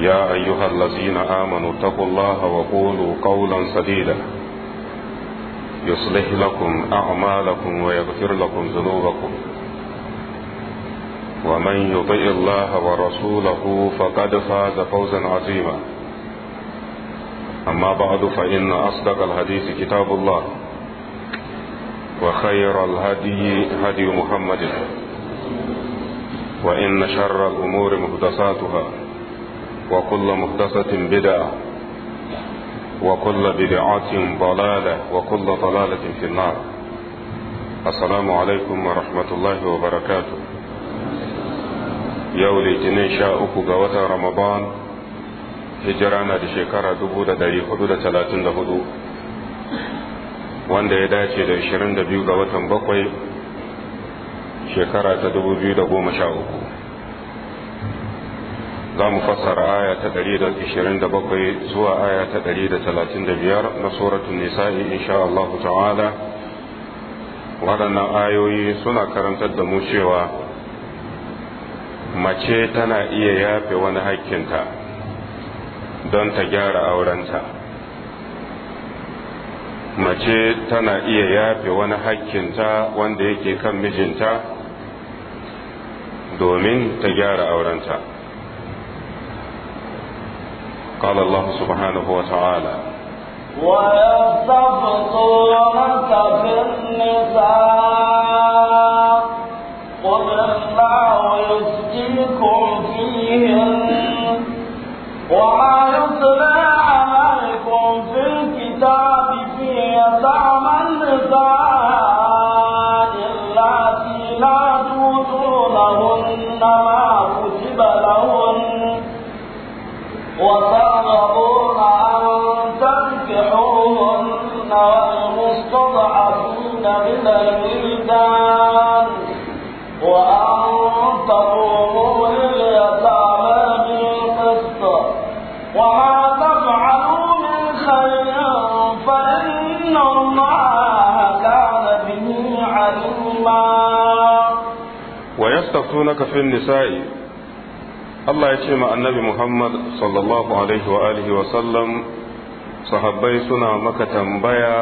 يا أيها الذين آمنوا اتقوا الله وقولوا قولا سديدا يصلح لكم أعمالكم ويغفر لكم ذنوبكم ومن يطئ الله ورسوله فقد فاز فوزا عظيما أما بعد فإن أصدق الحديث كتاب الله وخير الهدي هدي محمد وإن شر الأمور محدثاتها وكل محدثة بدعة وكل بدعة ضلالة وكل ضلالة في النار السلام عليكم ورحمة الله وبركاته yau litinin sha uku ga watan ramadan hijira na da shekara dubu da dari hudu da talatin da hudu wanda ya dace da ashirin da biyu ga watan bakwai shekara ta dubu biyu da sha uku za mu fassara aya ta 127 zuwa aya ta 135 na suratun nisa'i insha Allah ta'ala waɗannan ayoyi suna karantar da mu cewa mace tana iya yafe wani hakkinta don ta gyara aurenta mace tana iya yafe wani hakkinta wanda yake kan mijinta domin ta gyara aurenta قال الله سبحانه وتعالى ويستبطونك في النساء قل الله يسجنكم فيهن وعلى يستفتونك في النساء Allah ya ce ma annabi Muhammad sallallahu alaihi wa alihi wa sallam sahabbai suna maka tambaya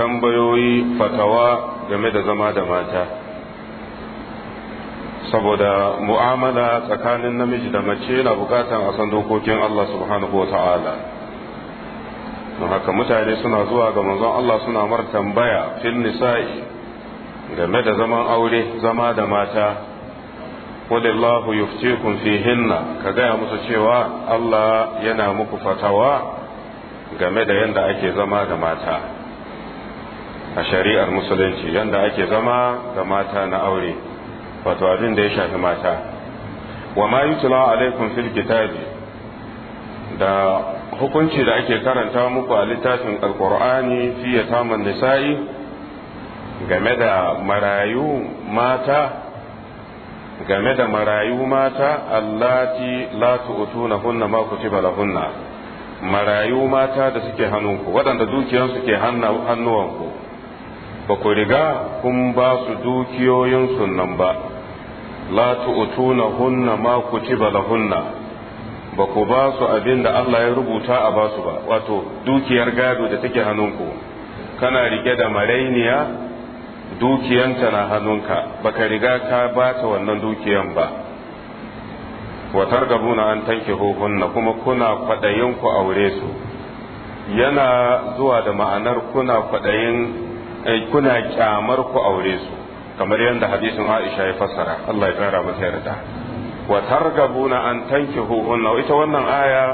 tambayoyi fatawa game da zama da mata saboda mu'amala tsakanin namiji da mace na bukatan a san dokokin Allah subhanahu wa ta'ala don haka mutane suna zuwa ga manzon Allah suna mar tambaya fil nisa'i game da zaman aure zama da mata walillahu yuftikum fihinna ka gaya musu cewa Allah yana muku fatawa game da yanda ake zama ga mata a shari'ar musulunci yanda ake zama ga mata na aure wato abin da ya shafi mata wa ma yutla alaikum fil kitabi da hukunci da ake karanta muku a littafin alqur'ani fi yatamun nisa'i game da marayu mata game da marayu mata allati la hunna ma kutiba lahunna marayu mata da suke hannunku waɗanda dukiyansu ke hannuwanku ba ku riga kun ba su dukiyoyin nan ba la hunna ma kutiba lahunna ba ku ba su abin Allah ya rubuta a ba su ba wato dukiyar gado da take hannunku kana rike da marainiya dukiyanta na hannunka baka riga ka bata wannan dukiyan ba wa na an tanke hukunna kuma kuna kwaɗayin ku aure su yana zuwa da ma'anar kuna kwaɗayin eh, kuna kyamar ku aure su kamar yadda hadisin Aisha ya fassara Allah ya tsara mata yarda wa na an tanke hukunna ita wannan aya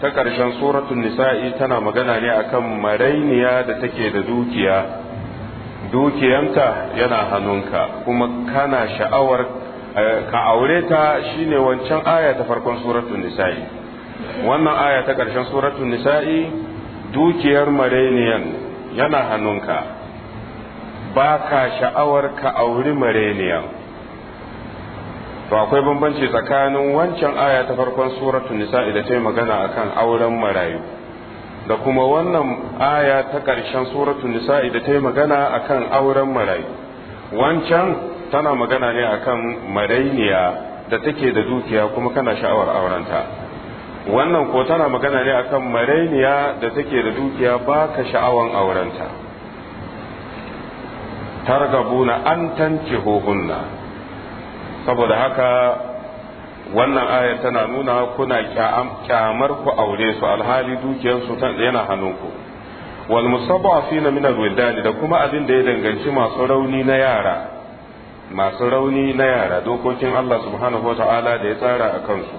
ta ƙarshen suratun nisa'i tana magana ne akan marainiya da take da dukiya dukiyanta yana hannunka kuma kana sha'awar eh, ka aure ta shine wancan aya ta farkon suratul nisa'i wannan aya ta ƙarshen suratul nisa'i dukiyar mareniyan yana hannunka ba ka sha'awar ka auri mareniyan to akwai bambanci tsakanin wancan aya ta farkon suratul nisa'i da ta magana akan auren marayu da kuma wannan aya ta ƙarshen suratu nisa da ta yi magana a kan auren marai wancan tana magana ne a kan marainiya da take da dukiya kuma kana sha'awar aurenta wannan ko tana magana ne a kan marainiya da take da dukiya ba ka sha'awar aurenta targabuna an hohunna saboda haka wannan ayar tana nuna kuna kyamar ku aure su alhali dukiyarsu yana hannunku wal mustada'afina na minar wildan da kuma abin da ya danganci masu rauni na yara masu rauni na yara dokokin Allah subhanahu wata'ala da ya tsara a kansu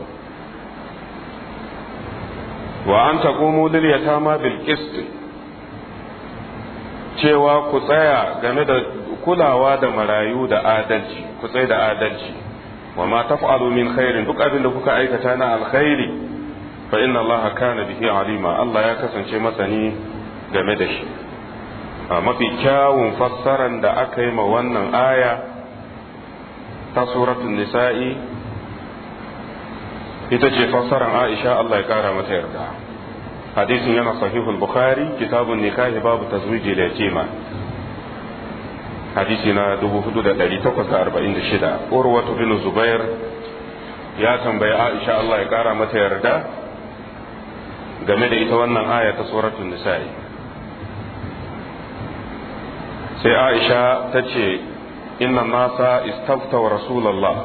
wa an taqumu lil ta ma cewa ku tsaya game da kulawa da marayu da adalci ku tsaye da adalci wa ma taf'alu min khairin duk abin da kuka aikata na alkhairi fa inna allaha kana bihi alima Allah ya kasance masani game da shi a mafi kyawun fassaran da aka yi ma wannan aya ta suratul nisa'i ita ce fassaran Aisha Allah ya kara mata yarda hadisin yana sahihul bukhari kitabun nikahi babu tazwiji ma. hadisi na 4846 urwatu bin zubair ya tambayi aisha Allah ya kara mata yarda game da ita wannan aya ta suratul nisa'i sai aisha ta ce inna nasa istaftawa rasulallah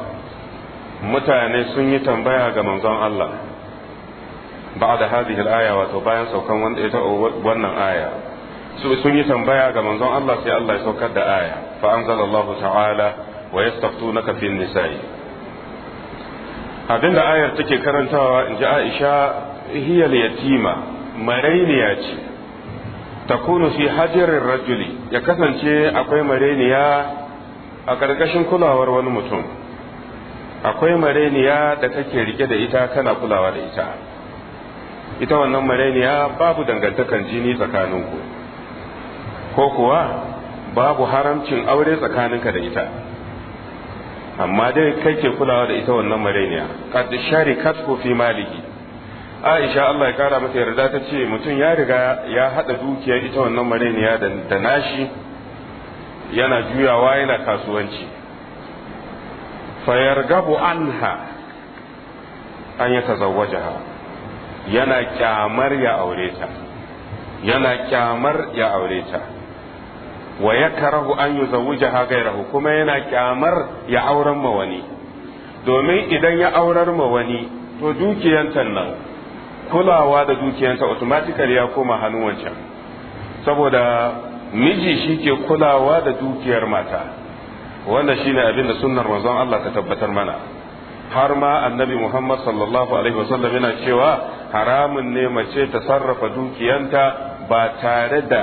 mutane sun yi tambaya ga manzon Allah ba'a da hadhihi al-aya wato bayan saukan wanda ita wannan aya su sun yi tambaya ga manzon Allah sai Allah ya saukar da aya fa Allah ta'ala wa yastaftunaka fi nisa'i abinda ayar take karantawa inji Aisha hiya yatima marainiya ce takunu fi hajarin rajuli ya kasance akwai marainiya a ƙarƙashin kulawar wani mutum akwai marainiya da kake rike da ita kana kulawa da ita ita wannan marainiya babu dangantakan jini tsakaninku ko kuwa babu haramcin aure tsakaninka da ita amma dai kai ke kulawa da ita wannan marainiya qad sharikat fi maliki Aisha Allah ya kara mata yarda ta ce mutum ya riga ya hada dukiyar ita wannan mareniya da nashi yana juyawa yana kasuwanci fayargabu anha an ya tazawwaja yana kyamar ya aure yana kyamar ya aureta. wa yakrahu an yuzawwijaha ghayrahu kuma yana kyamar ya auren ma wani domin idan ya aurar ma wani to dukiyanta nan kulawa da dukiyanta automatically ya koma hannun wancan saboda miji shi ke kulawa da dukiyar mata wanda shine abin da sunnar manzon Allah ta tabbatar mana har ma annabi Muhammad sallallahu alaihi wasallam yana cewa haramun ne mace ta sarrafa dukiyanta ba tare da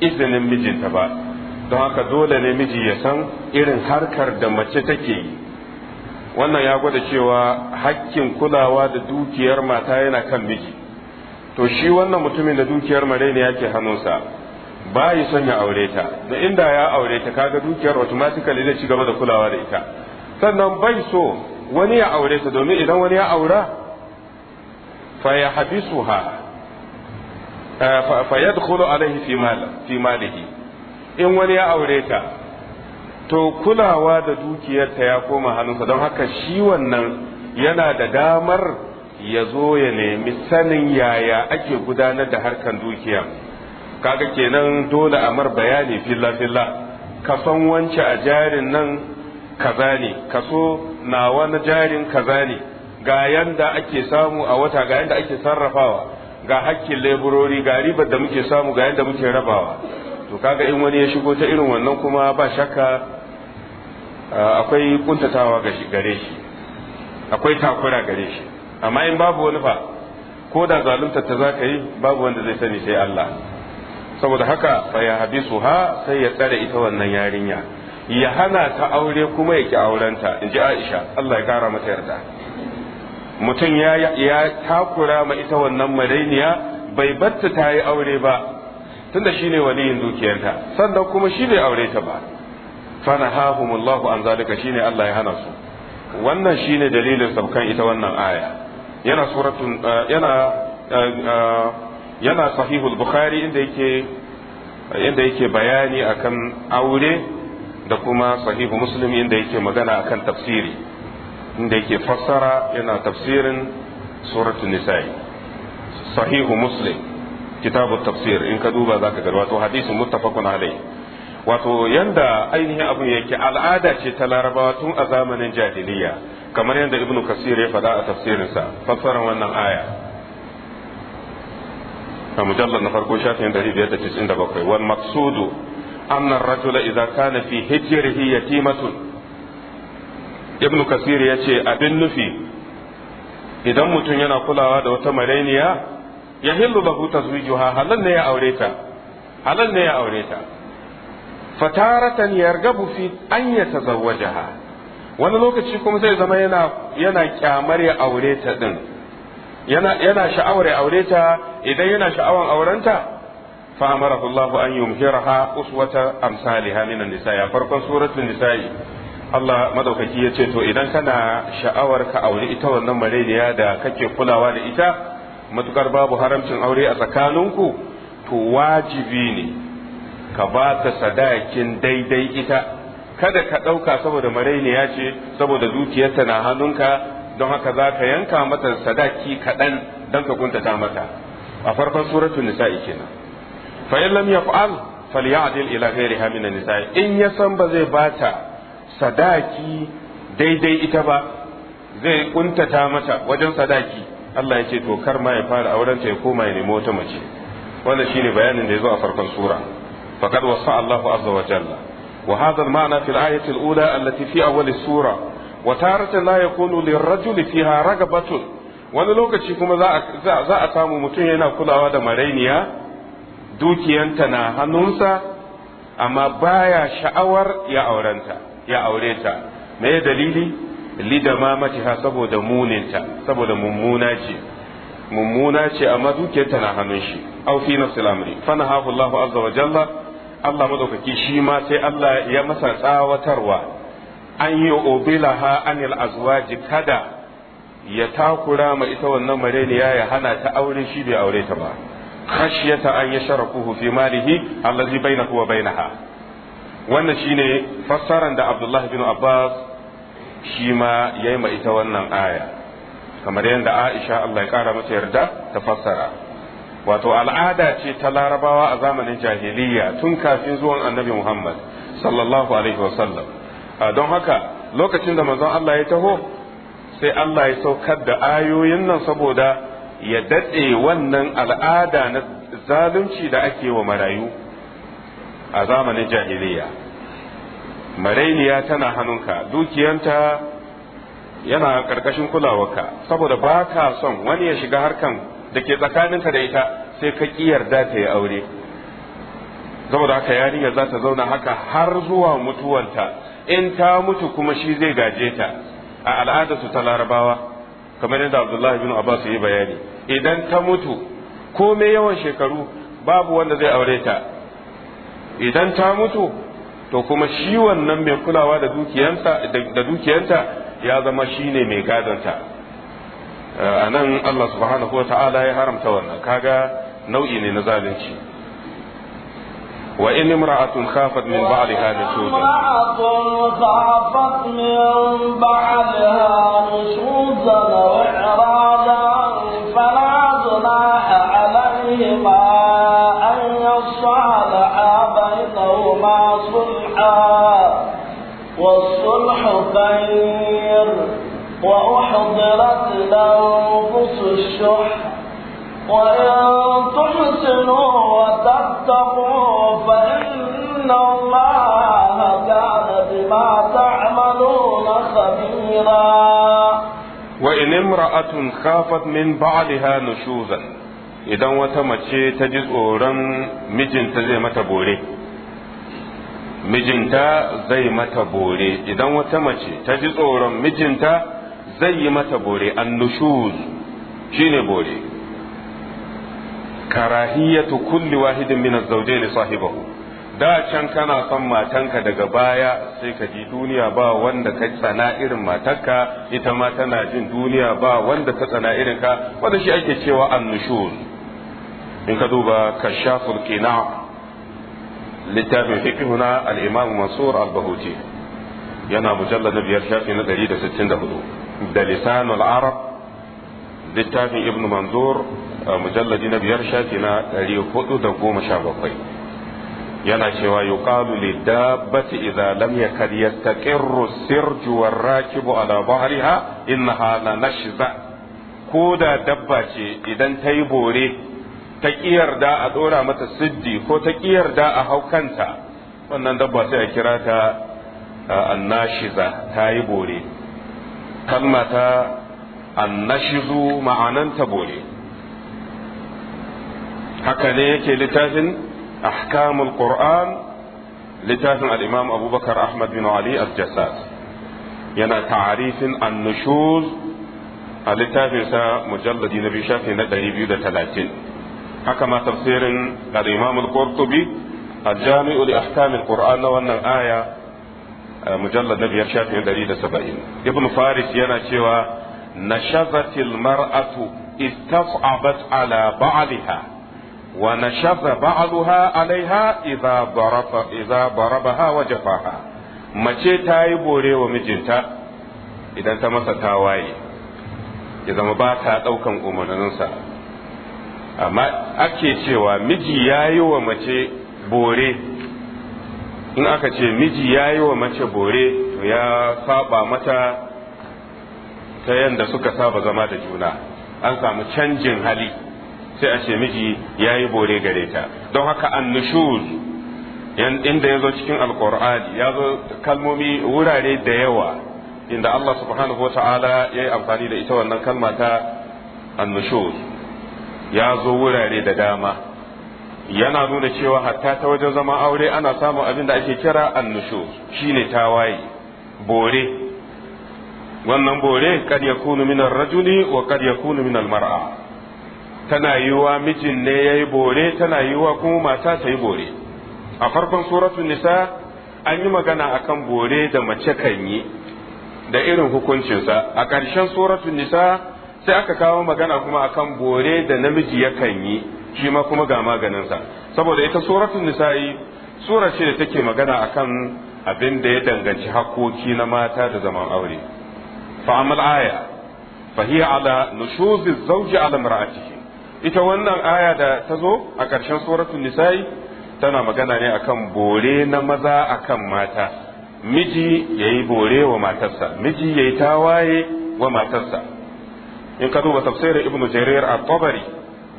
izinin mijinta ba don haka dole ne miji ya san irin harkar da mace take yi wannan ya gwada cewa hakkin kulawa da dukiyar mata yana kan miji to shi wannan mutumin da dukiyar mare ne yake hannunsa ba yi son ya aure ta da inda ya aure ta kaga dukiyar automatically zai ci gaba da kulawa da ita sannan bai so wani ya aure ta domin idan wani ya aura fa ya eh, alaihi fi malihi in wani ya aure ta to kulawa da dukiyarta ya koma hannunsa don haka shi wannan yana da damar ya zo ya nemi sanin yaya ake gudanar da harkan dukiya kaga kenan dole a mar bayani filla-filla ka san wance a jarin nan kaza ne kaso na wani jarin kaza ne ga yanda ake samu a wata ga yanda ake sarrafawa ga hakkin leburori ga ribar da muke samu ga yanda muke rabawa to kaga in wani ya shigo ta irin wannan kuma ba shakka akwai kuntatawa gare shi akwai takura gare shi amma in babu wani ba ko da zalunta ta zaka yi babu wanda zai sani sai Allah saboda haka fa ya habisu ha sai ya tsare ita wannan yarinya ya hana ta aure kuma ya ki aurenta in Aisha Allah ya kara mata yarda mutum ya takura ma ita wannan madainiya bai batta ta yi aure ba tunda shine waliyin dukiyarta sannan kuma shine aure ta ba fanahahumullahu an zalika shine Allah ya hana su wannan shine dalilin saukan ita wannan aya yana suratun uh, yana uh, uh, yana sahihul bukhari inda yake inda yake bayani akan aure da kuma sahihu muslim inda yake magana akan tafsiri inda yake fassara yana tafsirin suratul nisa'i sahihu muslim kitabu tafsir in ka duba zaka ga wato hadisin muttafaqun alai wato yanda ainihin abun yake al'ada ce ta larabawa tun a zamanin jahiliya kamar yadda ibnu kasir ya faɗa a tafsirinsa fassarar wannan aya a mujallar na farko shafin 597 wal maqsudu anna ar-rajula idza kana fi hijrihi yatimatun ibnu kasir ce abin nufi idan mutum yana kulawa da wata marainiya hillu lahu tazwijuha halal ne ya aure ta ne ya aure ta fataratan yargabu fi an yatazawwajaha wani lokaci kuma zai zama yana yana kyamar ya aure din yana yana sha'awar ya aureta idan yana sha'awan aurenta fa amara Allahu an yumhiraha uswata amsalha minan ya farkon suratul nisa Allah madaukaki ya ce to idan kana sha'awar ka aure ita wannan mareniya da kake kulawa da ita matukar babu haramcin aure a tsakaninku to wajibi ne ka ba ta sadakin daidai ita kada ka ɗauka saboda Maraini ya ce saboda dukiyarta na hannunka don haka za ka yanka mata sadaki kaɗan don ka kuntata mata a farkon suratun nisa'i kenan fa in lam yaf'al falyadil ila ghairiha min nisa'i in ya san ba zai bata sadaki daidai ita ba zai kuntata mata wajen sadaki Allah ya ce to kar ma ya fara auren ta ya koma ya nemo wata mace wannan shine bayanin da yazo a farkon sura faqad wasa Allahu azza wa jalla wa hadha al-ma'na fi al-ayati al-ula allati fi awwal as-sura wa taratan la yakunu lirrajuli fiha ragabatun wani lokaci kuma za za a samu mutum yana kulawa da marainiya dukiyanta na hannunsa amma baya sha'awar ya aurenta ya aure ta me dalili lidamamatiha saboda muninta saboda mummuna ce mummuna ce amma dukiyarta na hannun shi aw fi nafsil amri fanahahu Allahu azza wa jalla Allah madaukaki shi ma sai Allah ya masa tsawatarwa an yi obilaha anil azwaji kada ya takura ma ita wannan mareniya ya hana ta aure shi bai aure ta ba khashyata an yasharakuhu fi malihi allazi bainahu wa bainaha wannan shine fassaran da Abdullah bin Abbas shi ma ya ma ita wannan aya kamar yadda aisha Allah ya kara mata yarda ta fassara wato al'ada ce ta larabawa a zamanin jahiliya tun kafin zuwan annabi muhammad sallallahu alaihi wasallam don haka lokacin da manzon Allah ya taho sai Allah ya saukar da ayoyin nan saboda ya daɗe wannan al'ada na zalunci da ake wa marayu a zamanin jahiliya marainiya tana hannunka dukiyanta yana karkashin kulawarka saboda ba ka son wani ya shiga harkan da ke tsakaninka da ita sai ka ƙiyar yarda ta yi aure saboda haka yarinya za ta zauna haka har zuwa mutuwanta in ta mutu kuma shi zai gaje ta a al'adarsu ta larabawa kamar yadda abdullahi bin abbas yi bayani idan ta mutu ko me yawan shekaru babu wanda zai aure ta idan ta mutu to kuma shi wannan mai kulawa da dukiyanta ya zama shine mai gadonta. Eh, a nan Allah subhanahu wa ta'ala ya haramta wannan kaga nau'i ne na zalunci وإن امرأة خافت من بعلها نشوزا من بعلها نشوزا وإعراضا فلا جناح عليهما أن يصالحا ما صلحا والصلح خير وأحضرت الأنفس الشح وإن تحسنوا وتتقوا فإن الله كان بما تعملون خبيرا وإن امرأة خافت من بعدها نشوزا إذا وتمت شيء ta ji مجن تزيمة بوريه mijinta zai mata bore idan wata mace ta ji tsoron mijinta zai yi mata bore shi ne bore karahiyatu kulli wahidin min zaude ne sahibahu da can kana son matanka daga baya sai ka ji duniya ba wanda ka tsana irin matarka ita ma tana jin duniya ba wanda ta tsana irin ka wanda shi ake cewa annushu. in ka duba kashaful na. littafin fiqh na al mansur al-bahuti yana mujallar na biyar shafi na 164 da lisanul arab littafin ibn manzur mujalladi na biyar shafi na 417 yana cewa yuqalu lidabbati idza lam yakad yastaqirru sirju war-rakibu ala bahriha innaha la nashza ko da dabba ce idan ta yi bore ta ƙiyar da a ɗora mata siddi ko ta ƙiyar da a hau kanta wannan dabba sai a kira ta annashiza ta yi bore kalma ta annashizu ma'ananta bore haka ne yake littafin ahkamul qur'an littafin Al'imam abubakar ahmad bin ali al-jassas yana ta'arifin annushuz a littafinsa mujalladi na biyu shafi na 230 haka ma tafsirin al-Imam al-Qurtubi al-Jami'u li ahkam al-Qur'an wannan aya eh, mujallad na biyar shafin saba'in. Ibn Faris yana cewa nashazatil mar'atu istaf'abat ala ba'liha wa nashaza ba'luha alaiha idza baraba idza mace ta yi bore wa mijinta idan ta masa tawaye ya zama ba ta ɗaukan umarninsa amma ake cewa miji ya yi wa mace bore in aka ce miji ya yi wa mace bore to ya saba mata ta yadda suka saba zama da juna an samu canjin hali sai a ce miji ya yi bore gare ta don haka annushuz inda ya zo cikin alkur'ani ya zo kalmomi wurare da yawa inda Allah subhanahu wa ta'ala ya yi amfani da ita wannan kalma ta annushuz ya zo wurare da dama yana nuna cewa hatta ta wajen zama aure ana samun abin da ake kira annushu shine tawaye bore wannan bore kad kunu minar rajuli wa kad kunu minar mar'a tana yiwa mijin ne ya yi bore tana yiwa kuma mata ta yi bore a farkon suratun nisa an yi magana akan bore da mace kan yi da irin hukuncinsa a ƙarshen suratun nisa sai aka kawo magana kuma akan bore da namiji yakan yi shi ma kuma ga maganinsa saboda ita suratul nisa'i sura ce da take magana akan abin da ya danganci hakoki na mata da zaman aure fa amal aya fa hiya ala nushuzi zawji ala imra'atihi ita wannan aya da ta zo a ƙarshen suratul nisa'i tana magana ne akan bore na maza akan mata miji yayi bore wa matarsa miji yayi tawaye wa matarsa in ka duba tafsirin ibnu jarir at-tabari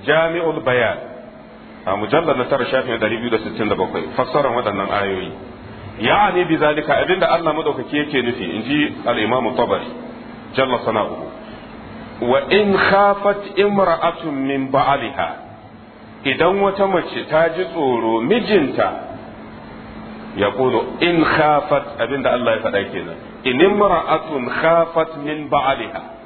jami'ul bayan a mujallar na tara shafin 267 fassarar waɗannan ayoyi yani bi zalika abinda Allah madaukaki yake nufi inji al-imam tabari jalla sana'uhu wa in khafat imra'atun min ba'aliha idan wata mace ta ji tsoro mijinta ya kuno in khafat abinda Allah ya faɗa kenan in imra'atun khafat min ba'aliha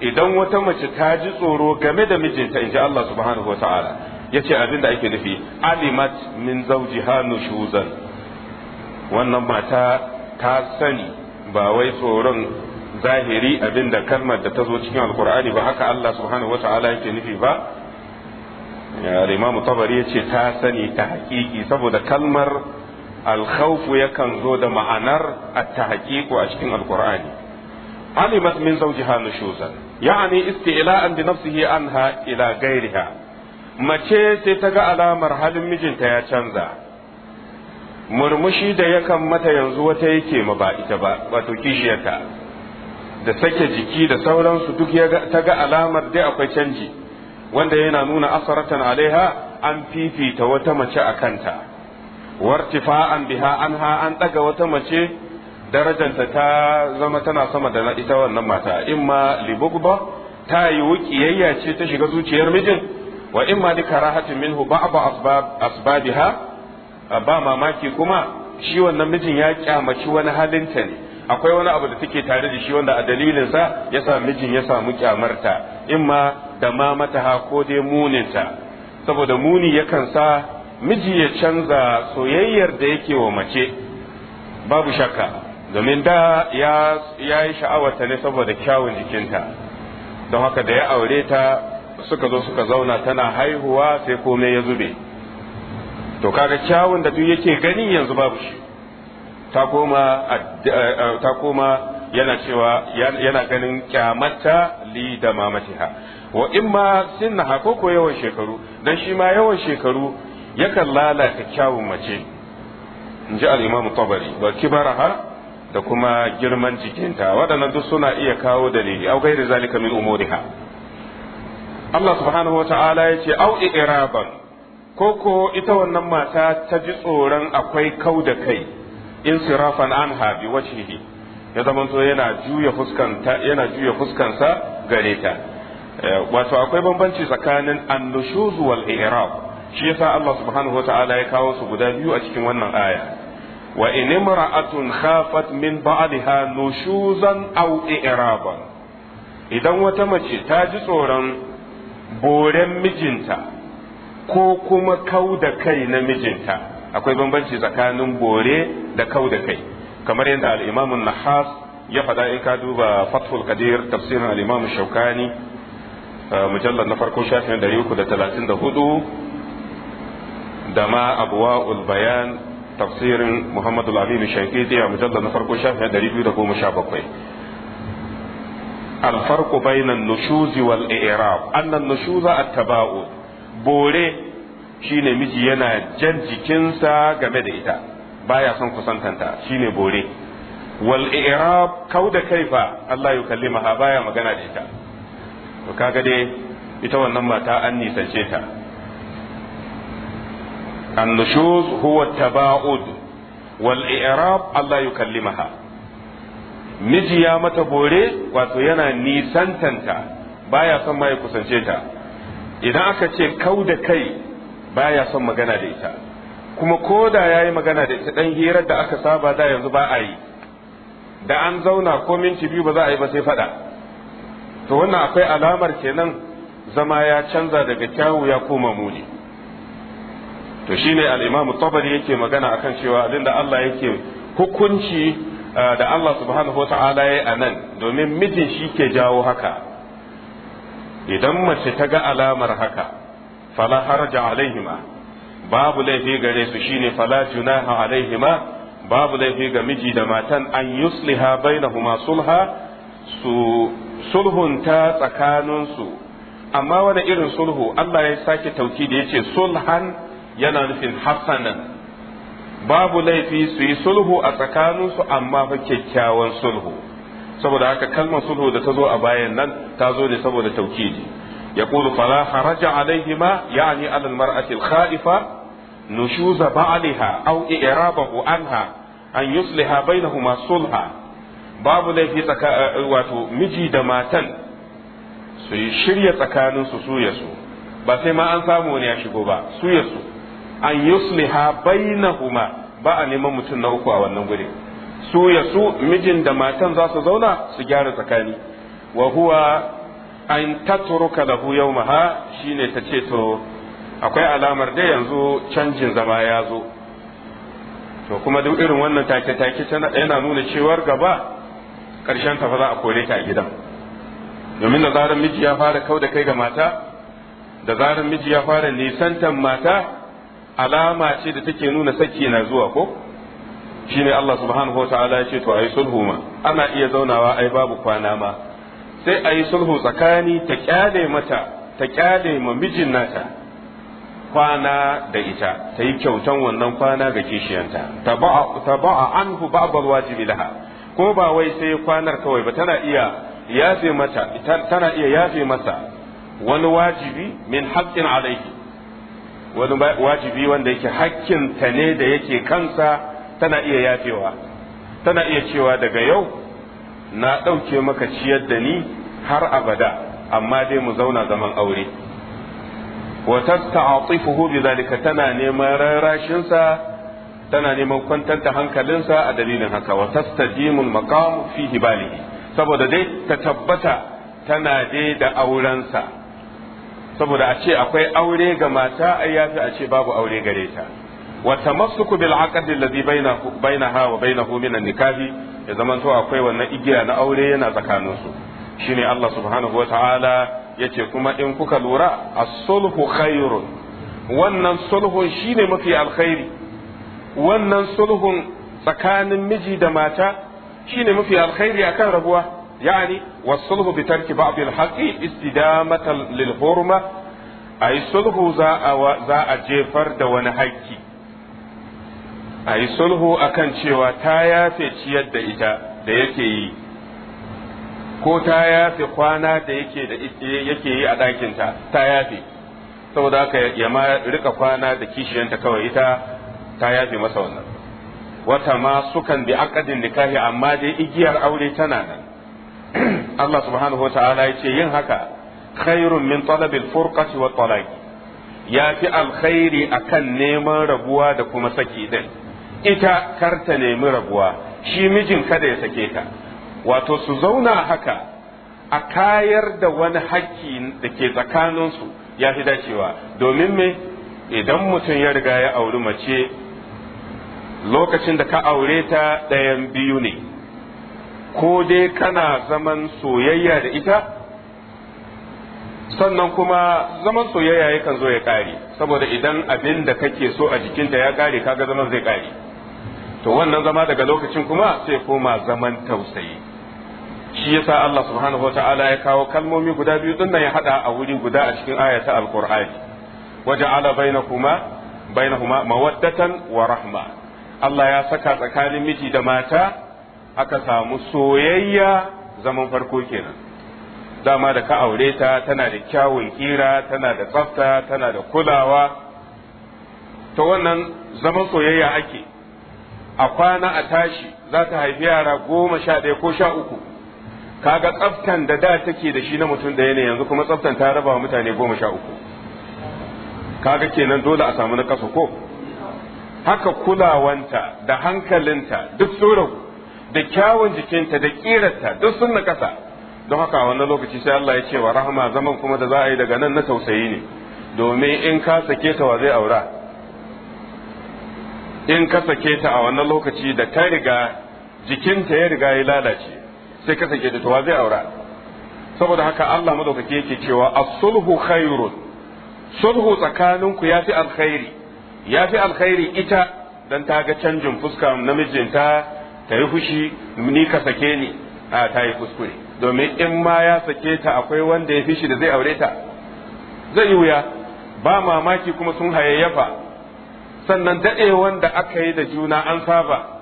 idan wata mace ta ji tsoro game da mijinta in ji Allah subhanahu wa ta'ala ya ce abin da ake nufi alimat min hannu shuzan. wannan mata ta sani ba wai tsoron zahiri abin da kalmar da ta zo cikin alkur'ani ba haka Allah subhanahu wa ta'ala yake nufi ba Alimamu tabari ya ce ta sani ta haƙiƙi saboda kalmar alkhawfu yakan zo da ma'anar a tahqiqu a cikin alkur'ani alimat min hannu shuzan. ya'ani isti'la'an bi nafsihi anha ila gairiha mace sai ta ga alamar halin mijinta ya canza murmushi da ya kan mata yanzu wata yake ma ba ita ba wato kishiyarta da sake jiki da sauransu duk ta ga alamar dai akwai canji wanda yana nuna asaratan alaiha an fifita wata mace a kanta wartifa'an biha anha an ɗaga wata mace darajanta ta zama tana sama da ita wannan mata in ma libugba ta yi wukiyayya ce ta shiga zuciyar mijin wa in ma duka rahatin minhu ba'da asbabiha ba mamaki kuma shi wannan mijin ya kyamaci wani halinta ne akwai wani abu da take tare da shi wanda a dalilin sa ya sa mijin ya samu kyamarta ma da ma ha ko dai muninta saboda muni yakan sa miji ya canza soyayyar da yake wa mace babu shakka domin da ya yi sha'awata ne saboda kyawun jikinta don haka da ya aure ta suka zo suka zauna tana haihuwa sai komai ya zube to kaga kyawun da duk yake gani yanzu babu shi ta koma eh, eh, yana cewa yana ganin kyamata li da mamatiha wa imma sinnaha ko ko yawan shekaru don shi ma yawan shekaru yakan lalata kyawun mace in ji al-imam tabari wa kibaraha da kuma girman jikinta waɗannan duk suna iya kawo dalili au gairi zalika min umuriha Allah subhanahu wata'ala ya ce au i'raban ko ita wannan mata ta ji tsoron akwai kau da kai insirafan sirafan habi wajhihi ya zamanto yana juya fuskanta yana juya fuskansa gare ta eh, wato akwai bambanci tsakanin annushuz wal i'rab shi yasa Allah subhanahu wata'ala ya kawo su guda biyu a cikin wannan aya wa in imra'atun khafat min ba'liha nushuzan aw i'raban idan wata mace ta ji tsoron boren mijinta ko kuma kau da kai na mijinta akwai bambanci tsakanin bore da kau da kai kamar yadda al-imamun nahas ya faɗa in ka duba fathul qadir tafsirin al-imam shaukani uh, mujallar na farko shafin 334 da ma abuwa bayan tafsirin Muhammadu Aminu Shankiti a mujallar na farko shafi ɗari biyu da goma sha bakwai. Alfarku bainan nushuzi wal i'rab annan nushuza at-taba'u bore shine miji yana jan jikinsa game da ita baya son kusantanta shine bore wal da kai kaifa Allah yukallimaha baya magana da ita to kaga dai ita wannan mata an nisance ta النشوز هو التباعد والإعراب الله يكلمها miji ya mata bore wato yana nisantanta baya son ma kusance ta idan aka ce kau da kai baya son magana da ita kuma ko da ya yi magana da ita dan hirar da aka saba da yanzu ba a yi da an zauna ko minti biyu ba za a yi ba sai faɗa to wannan akwai alamar kenan zama ya canza daga kyawu ya koma muni to shine al-Imam Tabari yake magana akan cewa da Allah yake hukunci uh, da Allah subhanahu wata'ala yayi anan domin mijin shi ke jawo haka idan mace ta ga alamar haka fala haraja alaihima babu laifi gare su shine fala junaha alaihima babu laifi ga miji da matan an yusliha bainahuma sulha su sulhunta tsakaninsu amma wani irin sulhu Allah ya sake tauki da yace sulhan yana nufin hassanan babu laifi su yi sulhu a tsakaninsu amma fa kyakkyawan sulhu saboda haka kalmar sulhu da ta zo a bayan nan ta zo ne saboda taukidi يقول فلا حرج عليهما يعني على المرأة الخائفة نشوز بعلها أو إعرابه عنها أن يصلح بينهما صلحا babu laifi eh, wato miji da matan su yi shirya tsakaninsu su su ba sai ma an samu wani ya shigo ba suyasu. su an yusliha bainahuma ba a neman mutum na uku a wannan guri su ya su mijin da matan za su zauna su gyara tsakani wa huwa an tatruka lahu yawmaha shine ta ce to akwai alamar da yanzu canjin zama ya zo to kuma duk irin wannan take-take yana nuna cewar gaba karshen ta fa za a kore ta a gidan domin da zarar miji ya fara kauda kai ga mata da zarar miji ya fara nisantan mata alama ce da take nuna saki na zuwa ko shine Allah subhanahu wa ta'ala ce to ayi sulhu ma ana iya zaunawa ai babu kwana ma sai ayi sulhu tsakani ta kyale mata ta kyale ma mijin nata kwana da ita ta yi kyautan wannan kwana ga kishiyanta ta ba'a anhu ba'dal wajibi laha ko ba wai sai kwanar kawai ba tana iya yafe mata tana iya yafe masa wani wajibi min haqqin alayhi wani wajibi wanda yake hakkin ta ne da yake kansa tana iya yafewa tana iya cewa daga yau na ɗauke maka ciyar da ni har abada amma dai mu zauna zaman aure wa tasta'atifuhu bizalika tana neman rarashinsa tana neman kwantanta hankalinsa a dalilin haka wa tastajimul maqam fi balihi saboda dai ta tabbata tana dai da aurensa saboda a ce akwai aure ga mata ai yafi a ce babu aure gare ta wa tamassuku bil aqd alladhi bainahu bainaha wa bainahu min nikahi ya zaman to akwai wannan igiya na aure yana tsakanin su shine Allah subhanahu wataala yace kuma in kuka lura as-sulhu khairun wannan sulhun shine mafi alkhairi wannan sulhun tsakanin miji da mata shine mafi alkhairi akan rabuwa yani wasulhu بترك بعض الحق استدامة haqqi istidamatan lil hurma ai sulhu za a za a jefar da wani haƙƙi Ayi sulhu akan cewa ta yafe ciyar da ita da yake yi ko ta yafe kwana da yake da yake yi a ɗakinta ta yafe saboda haka ya ma rika kwana da kishiyanta kawai ita ta yafe masa wannan wata ma sukan bi akadin nikahi amma dai igiyar aure tana nan Allah subhanahu wa ta'ala ya ce yin haka khairun min talabil furqati wa talaq ya fi alkhairi akan neman rabuwa da kuma saki din ita karta nemi rabuwa shi mijin kada ya sake ka wato su zauna haka a kayar da wani haƙƙi da ke tsakaninsu ya fi dacewa domin me idan mutum ya riga ya auri mace lokacin da ka aure ta ɗayan biyu ne ko dai kana zaman soyayya da ita sannan kuma zaman soyayya yakan zo ya ƙare saboda idan abin da kake so a jikinta ya ƙare kaga zaman zai ƙare to wannan zama daga lokacin kuma sai koma zaman tausayi shi yasa Allah subhanahu wata'ala ya kawo kalmomi guda biyu din nan ya hada a wuri guda a cikin ayata alqur'ani waja'ala bainakuma bainahuma mawaddatan wa rahma Allah ya saka tsakanin miji da mata aka samu soyayya zaman farko kenan dama da ka aure ta tana da kyawun kira tana da tsafta tana da kulawa ta wannan zaman soyayya ake a kwana a tashi za ta haifi yara goma sha ɗaya ko sha uku kaga tsaftan da da take da shi na mutum da ne yanzu kuma tsaftan ta raba wa mutane goma sha uku kaga kenan dole a samu na ko haka kulawanta da hankalinta duk tsoron da kyawun jikinta da kirarta duk sun na kasa don haka wannan lokaci sai Allah ya ce wa rahama zaman kuma da za a yi daga nan na tausayi ne domin in ka sake ta wa zai aura in ka sake ta a wannan lokaci da ta riga jikinta ya riga ya lalace sai ka sake ta wa zai aura saboda haka Allah madaukake yake cewa as-sulhu khairun sulhu tsakaninku yafi alkhairi yafi alkhairi ita dan ta ga canjin fuska namijinta ta yi fushi ni ka sake ni a ta yi kuskure domin in ma ya sake ta akwai wanda ya fi shi da zai aure ta zai yi wuya ba mamaki kuma sun hayayyafa sannan daɗe da aka yi da juna an saba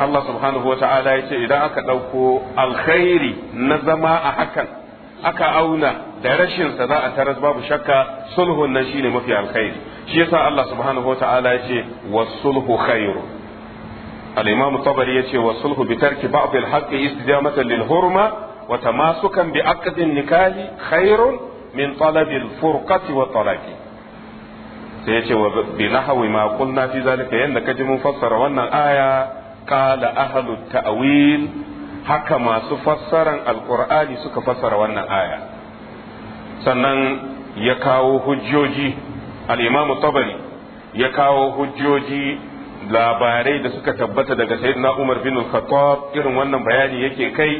Allah subhanahu wa ta'ala ya ce idan aka ɗauko alkhairi na zama a hakan aka auna da rashin sa za a taras babu shakka sulhun nan shine mafi alkhairi shi yasa Allah subhanahu wa ta'ala ya ce was sulhu khairu al-imam tabari yace wa sulhu bi tarki ba'd al-haqq istijamatan lil hurma wa tamasukan bi aqd nikahi khairun min talab al-furqati wa talaqi sai yace wa bi nahwi ma qulna fi zalika yanda kaji mun fassara wannan aya qala ahlut ta'wil haka masu fassaran alqur'ani suka fassara wannan aya sannan ya kawo hujjoji al-imam ya kawo hujjoji labarai da suka tabbata daga sayyidina Umar bin Khattab irin wannan bayani yake kai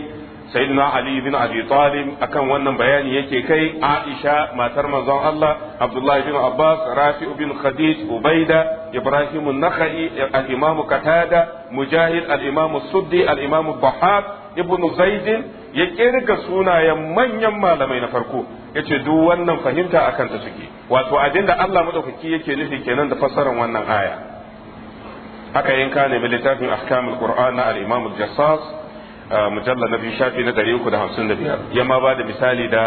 sayyidina Ali bin Abi Talib akan wannan bayani yake kai Aisha matar manzon Allah Abdullah bin Abbas Rafi bin Khadij Ubaida Ibrahim an-Nakhai al-Imam Qatada Mujahid al-Imam Suddi al-Imam Bahab Ibn Zaid ya kirga sunayen manyan malamai na farko yace duk wannan fahimta akan ta suke wato abinda Allah madaukaki yake nufi kenan da fassarar wannan aya haka yanka ne mai littafin ahkamul qur'an na al-imam al-jassas mujallal na biyu shafi na 355 yamma ba da misali da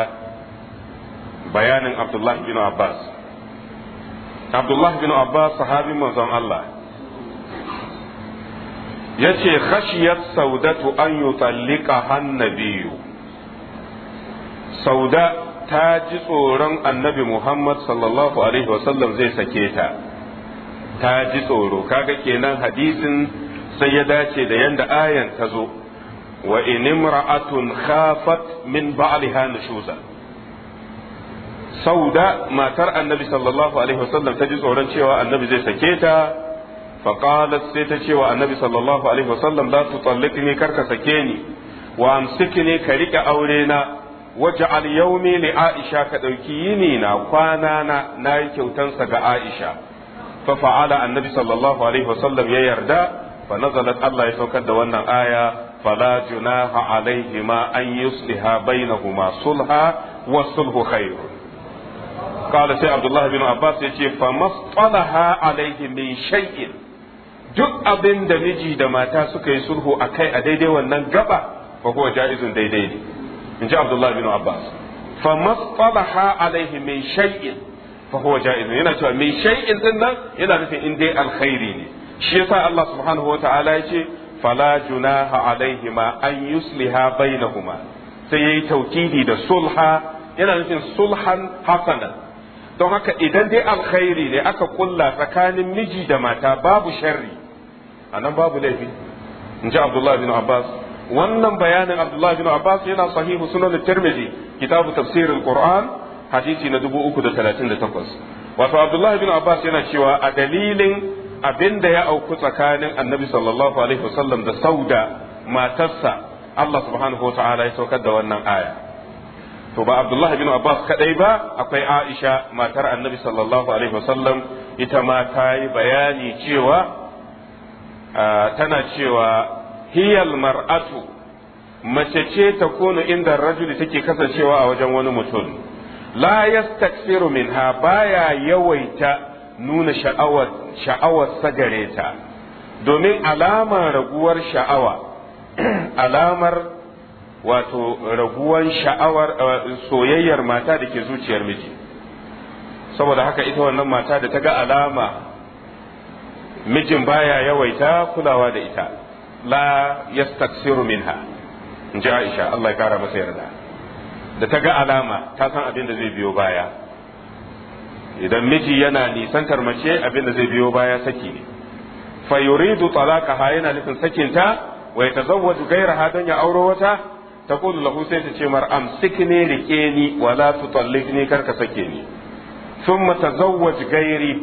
bayanin abdullahi bin abbas abdullahi bin abbas sahabin manzon allah Ya ce khashiyat saudatu an yutallika hannabiyu sauda ta ji tsoron annabi muhammad sallallahu alaihi wasallam zai sake ta ta ji tsoro kaga kenan hadisin sai ya dace da yanda ayan ta zo wa in imra'atun khafat min ba'liha nushuza sauda matar annabi sallallahu alaihi wasallam ta ji tsoron cewa annabi zai sake ta faqalat sai ta cewa annabi sallallahu alaihi wasallam la tutalliqni karka sake ni wa amsikni ka rike aure na waj'al yawmi li aisha ka dauki yini na kwana na nayi kyautansa ga aisha fa fa'ala annabi sallallahu alaihi wasallam ya yarda fa nazalat Allah ya saukar da wannan aya fala junaha alaihima an yusliha bainahuma sulha wa sulhu khair قال سي عبد الله بن عباس يجي فما اصطلها عليه من شيء duk abin da miji da mata suka yi sulhu a kai a daidai wannan gaba fa huwa jaizun daidai ne in ji Abdullah bin Abbas fa masfalaha alaihi min shay'in fa huwa jaiz yana cewa mai shay'in din nan yana nufin in dai alkhairi ne shi yasa Allah subhanahu wataala ya ce fala junaha alaihima an yusliha bainahuma sai yayi taukidi da sulha yana nufin sulhan hasana don haka idan dai alkhairi ne aka kulla tsakanin miji da mata babu sharri anan babu laifi in ji bin Abbas wannan bayanin Abdullah bin Abbas yana sahihu na Tirmidhi kitabu tafsirul Kur'an. hadisi na dubu da takwas. wato abdullah bin abbas yana cewa a dalilin abin da ya auku tsakanin annabi sallallahu alaihi wasallam da sauda matarsa Allah subhanahu wa ta'ala ya saukar da wannan aya to ba abdullah bin abbas kadai ba akwai aisha matar annabi sallallahu alaihi wasallam ita ma ta yi bayani cewa tana cewa hiyal mar'atu mace ce ta kono inda rajuli take kasancewa a wajen wani mutum la yastaksiru minha baya yawaita nuna sha'awar sha'awar sagare ta domin alamar raguwar sha'awa alamar wato raguwar sha'awar eh, soyayyar mata da ke zuciyar miji saboda haka ita wannan mata da ta ga alama mijin baya yawaita kulawa da ita la yastaksiru minha in ji Aisha Allah ya kara masa yarda da ta ga alama ta san abin da zai biyo baya idan miji yana nisantar mace abin da zai biyo baya saki ne fa yuridu ha yana nufin sakin ta wa yatazawwaju ghayraha don ya auro wata taqulu lahu sai ta ce mar amsikni rike ni wala tutallikni karka sake ni thumma tazawwaj ghayri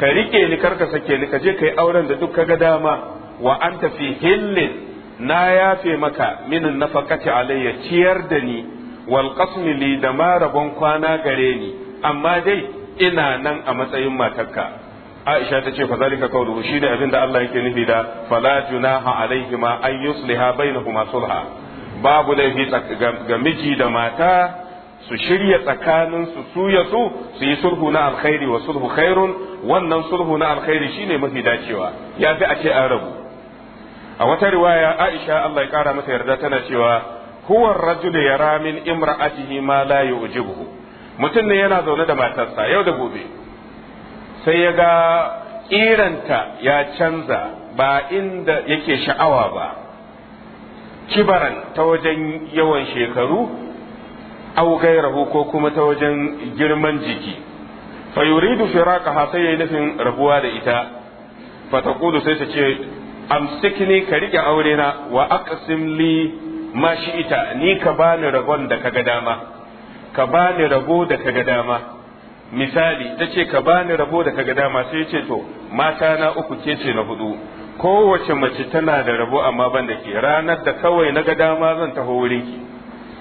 ka rike ni karka sake ni ka je kai auren da duk kaga dama wa anta fi hillin na yafe maka min nafaqati alayya ciyar da ni wal da ma rabon kwana gare ni amma dai ina nan a matsayin matarka Aisha ta ce fa zalika qawluhu shine abin da Allah yake nufi da fala junaha alaihima an yusliha bainahuma sulha babu laifi ga miji da mata su shirya tsakanin su ya su su yi sulhu na alkhairi wa sulhu kairun wannan sulhu na alkhairi shine mafi dacewa ya fi a ce an rabu a wata riwaya Aisha Allah ya kara mata yarda tana cewa huwa rajulu yara min imra'atihi ma la yujibuhu mutum ne yana zaune da matarsa yau da gobe sai ya ga iranta ya canza ba inda yake sha'awa ba kibaran ta wajen yawan shekaru au gairahu ko kuma ta wajen girman jiki fa yuridu firaqaha sai yayi nufin rabuwa da ita fa taqulu sai ta ce amsikni ka rike aure na wa aqsim li ma shi ita ni ka bani ragon da kaga dama ka bani rago da kaga dama misali ta ce ka bani rabo da kaga dama sai ce to mata na uku ke ce na hudu kowace mace tana da rabo amma ban da ke ranar da kawai na ga dama zan taho wurin ki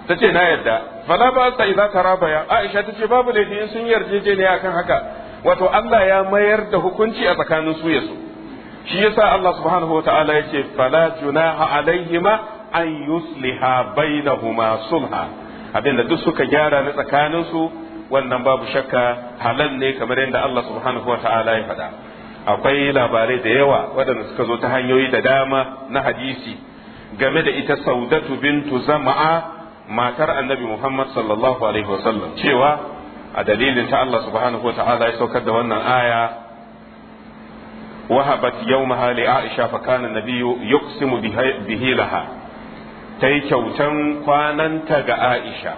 ta ce na yarda fala ba sa idza tarabaya aisha ta ce babu da in sun ne akan haka wato Allah ya mayar da hukunci a tsakanin su yasu shi yasa Allah subhanahu wataala yace fala junaha alaihima an yusliha bainahuma sulha abinda duk suka gyara na tsakaninsu wannan babu shakka halal ne kamar yadda Allah subhanahu wa ta'ala ya faɗa akwai labarai da yawa waɗanda suka zo ta hanyoyi da dama na hadisi game da ita saudatu bintu zama'a matar annabi muhammad sallallahu alaihi wasallam cewa a dalilin ta Allah subhanahu wa ta'ala ya saukar da wannan aya وهبت Aisha fa فكان النبي يقسم به bihilaha. ta yi kyautan kwananta ga aisha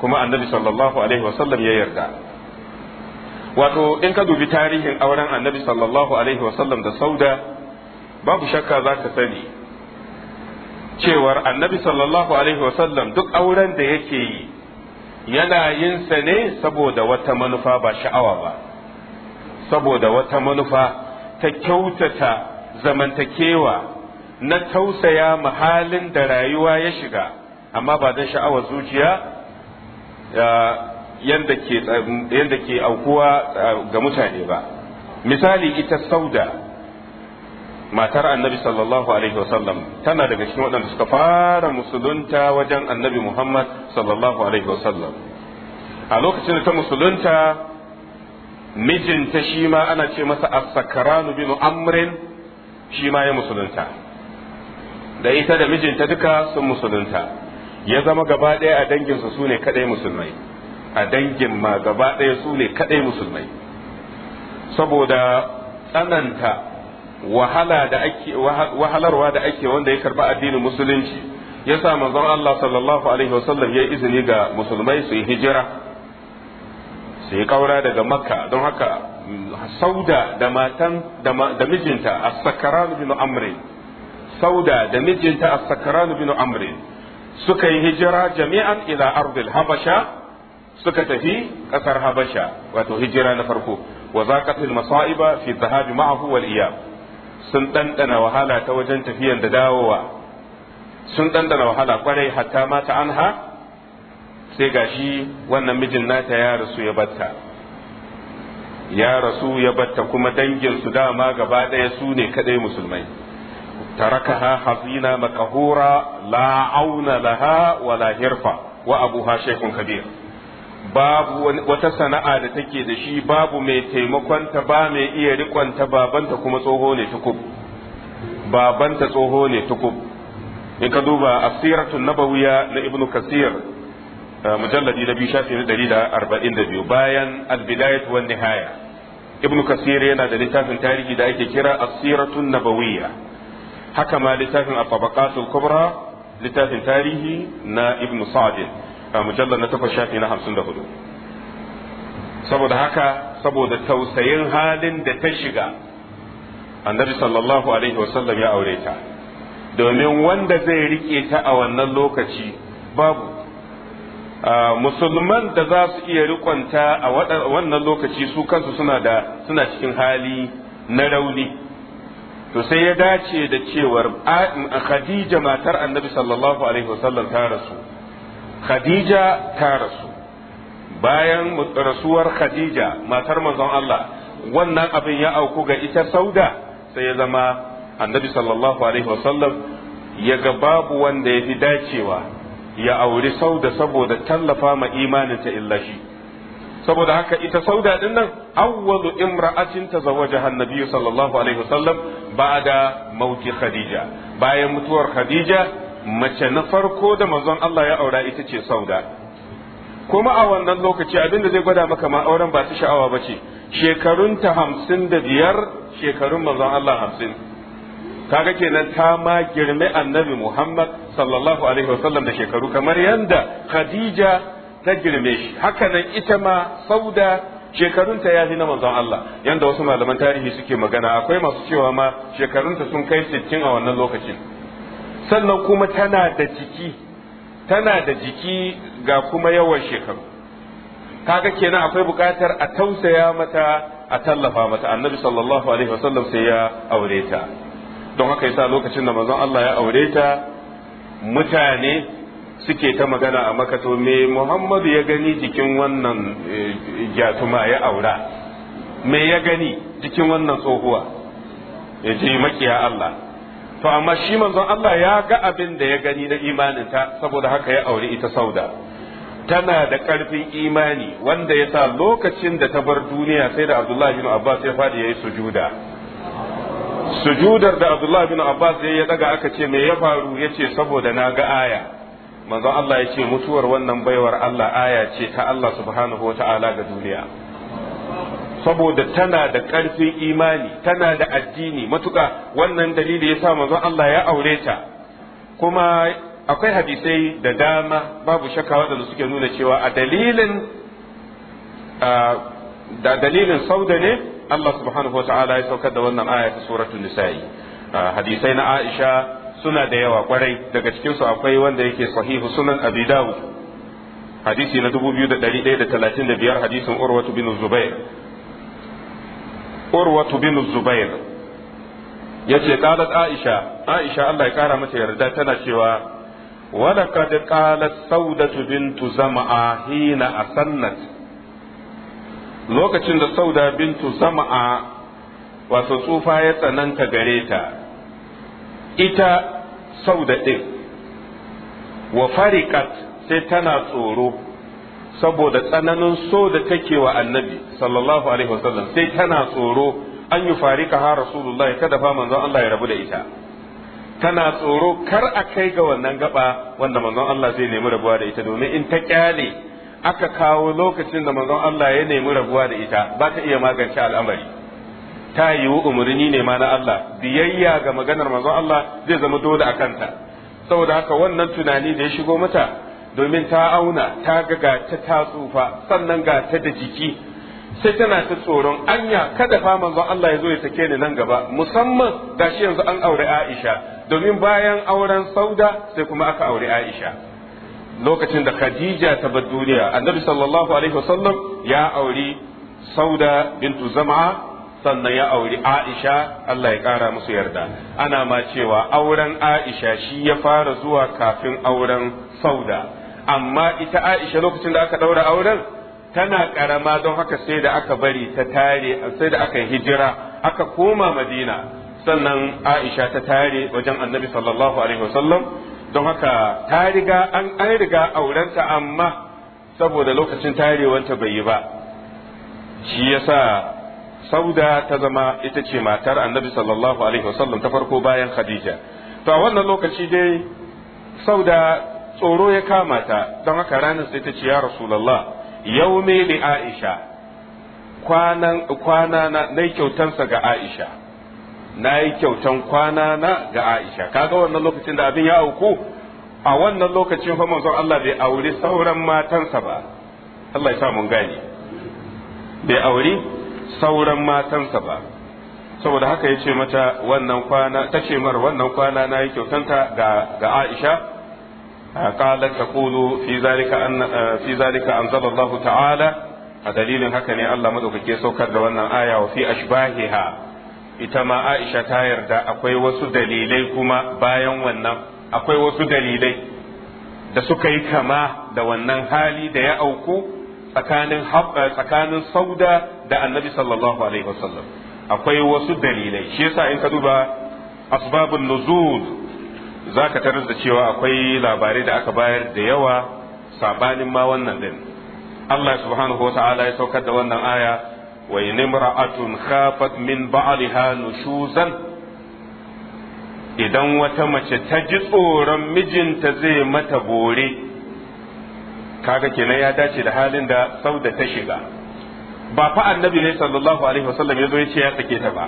kuma annabi sallallahu alaihi wasallam ya yarda wato in ka dubi tarihin auren annabi sallallahu alaihi wasallam da sauda babu shakka za ka sani cewar annabi sallallahu alaihi wasallam duk auren da yake yi yana yin sa ne saboda wata manufa ba sha'awa ba saboda wata manufa ta kyautata zamantakewa na tausaya mahalin da rayuwa ya shiga amma ba don sha'awar zuciya yadda ke aukuwa ga mutane ba misali ita sauda matar annabi sallallahu alaihi wasallam tana daga cikin waɗanda suka fara musulunta wajen annabi muhammad sallallahu alaihi wasallam a lokacin da ta musulunta mijinta shi ma ana ce masa as-sakranu bin amrin shi ma ya musulunta da ita da mijinta duka sun musulunta ya zama gaba ɗaya a danginsa su ne kaɗai musulmai a dangin ma gaba ɗaya su ne kaɗai musulmai saboda tsananta wahalarwa da ake wanda ya karba addinin musulunci ya sa manzon Allah sallallahu alaihi wasallam ya izini ga musulmai su yi hijira su yi kaura daga makka don haka sauda da matan da mijinta a sakaran bin amri sauda da mijinta a sakaran bin Amri suka yi hijira jami'an ila ardil habasha suka tafi kasar habasha wato hijira na farko wa zaqatil masa'iba fi dhahabi ma'ahu wal iyab sun dandana wahala ta wajen tafiyan da dawowa sun dandana wahala kwarai hatta mata anha sai gashi wannan mijin nata ya rasu ya batta ya rasu ya batta kuma dangin su dama gaba ɗaya su ne kadai musulmai تركها حزينة مكهورة لا عون لها ولا هرفة وأبوها شيخ كبير babu wata sana'a da take da shi babu mai taimakonta ba mai iya rikonta babanta kuma tsoho ne tukub babanta tsoho ne tukub in ka duba asiratun nabawiya na ibnu kasir uh, mujalladi na biyu na ɗari da arba'in da biyu bayan albidayat ibnu kasir yana da littafin tarihi da ake kira asiratun nabawiya haka ma littafin at kubra littafin tarihi na ibn a mujallar na takwas shafi na hudu. saboda haka saboda tausayin halin da ta shiga annabi sallallahu alaihi wasallam ya aure ta domin wanda zai rike ta a wannan lokaci babu musulman da za su iya rikonta a wannan lokaci su kansu da suna cikin hali na rauni to sai ya dace da cewar khadija matar annabi sallallahu alaihi wasallam ta rasu khadija ta rasu bayan rasuwar khadija matar manzon Allah wannan abin ya auku ga ita sauda sai ya zama annabi sallallahu alaihi wasallam ya ga babu wanda ya fi dacewa ya auri sauda saboda tallafa ma ta illa shi saboda haka ita sauda din nan awwalu imra'atin tazawwajaha annabi sallallahu alaihi wasallam ba'da mauti khadija bayan mutuwar khadija mace na farko da manzon Allah ya aura ita ce sauda kuma a wannan lokaci abinda zai gwada maka ma auren ba ta sha'awa ba ce ta hamsin da biyar shekarun manzon Allah hamsin kaga kenan ta ma girme annabi Muhammad sallallahu alaihi wasallam da shekaru kamar yanda khadija ta girme shi hakanan ita ma sauda shekarunta ya fi na manzon Allah yanda wasu malaman tarihi suke magana akwai masu cewa ma shekarunta sun kai sittin a wannan lokacin sannan kuma tana da jiki tana da jiki ga kuma yawan shekaru kaga kenan akwai bukatar a tausaya mata a tallafa mata annabi sallallahu alaihi wasallam sai ya aureta don haka yasa lokacin da manzon Allah ya aure ta mutane suke ta magana a maka to me muhammadu ya gani jikin wannan eh, jatuma ya aura me ya gani jikin wannan tsohuwa ya ji makiya Allah to amma shi manzon Allah ya ga abin da ya gani na imanin ta saboda haka ya aure ita sauda tana da ƙarfin imani wanda ya sa lokacin da ta bar duniya sai da abdullahi bin abbas ya faɗi ya yi sujuda sujudar da abdullahi bin abbas ya daga aka ce me ya faru ya ce saboda na ga aya manzon Allah ya ce mutuwar wannan baiwar Allah aya ce ta Allah subhanahu wa ta'ala ga duniya saboda tana da ƙarfin imani tana da addini matuƙa wannan dalili ya sa manzon Allah ya aure ta kuma akwai hadisai da dama babu shakka waɗanda suke nuna cewa a dalilin da dalilin sauda ne Allah subhanahu wa ta'ala ya saukar da wannan aya ta suratul nisa'i hadisai na Aisha suna da yawa kwarai daga cikinsu akwai wanda yake sahihu sunan abi dawud hadisi na 2135 hadisin urwatu bin zubair urwatu bin zubair yace qalat aisha aisha Allah ya kara mata yarda tana cewa laqad qalat سودة بنت zama'a hina asannat lokacin da sauda bintu zama'a wato tsufa ya tsananta gare ta ita sauda ɗin wa farikat sai tana tsoro saboda tsananin so da take wa annabi sallallahu alaihi wasallam sai tana tsoro an yi farika ha rasulullahi kada fa manzon Allah ya rabu da ita tana tsoro kar a kai ga wannan gaba wanda manzon Allah zai nemi rabuwa da ita domin in ta kyale aka kawo lokacin da manzon Allah ya nemi rabuwa da ita ba ta iya magance al'amari ta yiwu umarni ne ma na Allah biyayya ga maganar manzon Allah zai zama dole a kanta saboda haka wannan tunani da ya shigo mata domin ta auna ta ga ga ta tsufa sannan ga ta da jiki sai tana ta tsoron anya kada fa manzo Allah ya zo ya take ni nan gaba musamman gashi yanzu an aure Aisha domin bayan auren Sauda sai kuma aka aure Aisha lokacin da Khadija ta bar duniya annabi sallallahu alaihi wasallam ya auri Sauda bintu Zam'a sannan ya auri Aisha Allah ya ƙara musu yarda ana ma cewa auren Aisha shi ya fara zuwa kafin auren Sauda amma ita Aisha lokacin da aka ɗaura auren tana ƙarama don haka sai da aka bari ta tare sai da aka hijira aka koma Madina sannan Aisha ta tare wajen Annabi sallallahu alaihi wasallam don haka ta riga an an riga aurenta amma saboda lokacin tarewanta bai yi ba shi yasa sauda ta zama ita ce matar annabi sallallahu alaihi wasallam ta farko bayan khadija to a wannan lokaci dai sauda tsoro ya kama ta don haka ranar sai ta ce ya rasulullah yaumi li aisha kwanan kwana na nayi kyautansa ga aisha nayi kyautan kwana na ga aisha kaga wannan lokacin da abin ya auku a wannan lokacin fa manzon Allah bai auri sauran matansa ba Allah ya sa mun gane bai auri sauran matansa ba saboda haka ya ce mata wannan kwana ta ce mar wannan kwana na yi kyautanta ga ga Aisha qalat taqulu fi zalika an eh, fi zalika Allah ta'ala a dalilin haka ne Allah madaukake saukar da wannan aya wa fi ashbahiha ita ma Aisha ta yarda akwai wasu dalilai kuma bayan wannan akwai wasu dalilai da suka yi kama da wannan hali da ya auku tsakanin eh, tsakanin sauda da annabi sallallahu alaihi wasallam akwai wasu dalilai shi yasa in ka duba asbabun nuzul zaka tarar da cewa akwai labarai da aka bayar da yawa sabanin ma wannan din Allah subhanahu wataala ya saukar da wannan aya wa nimra'atun khafat min ba'liha nushuzan idan wata mace ta ji tsoron mijinta zai mata bore kaga kenan ya dace da halin da sauda ta shiga ba fa annabi ne sallallahu alaihi wasallam ya zo ya ce ya sake ta ba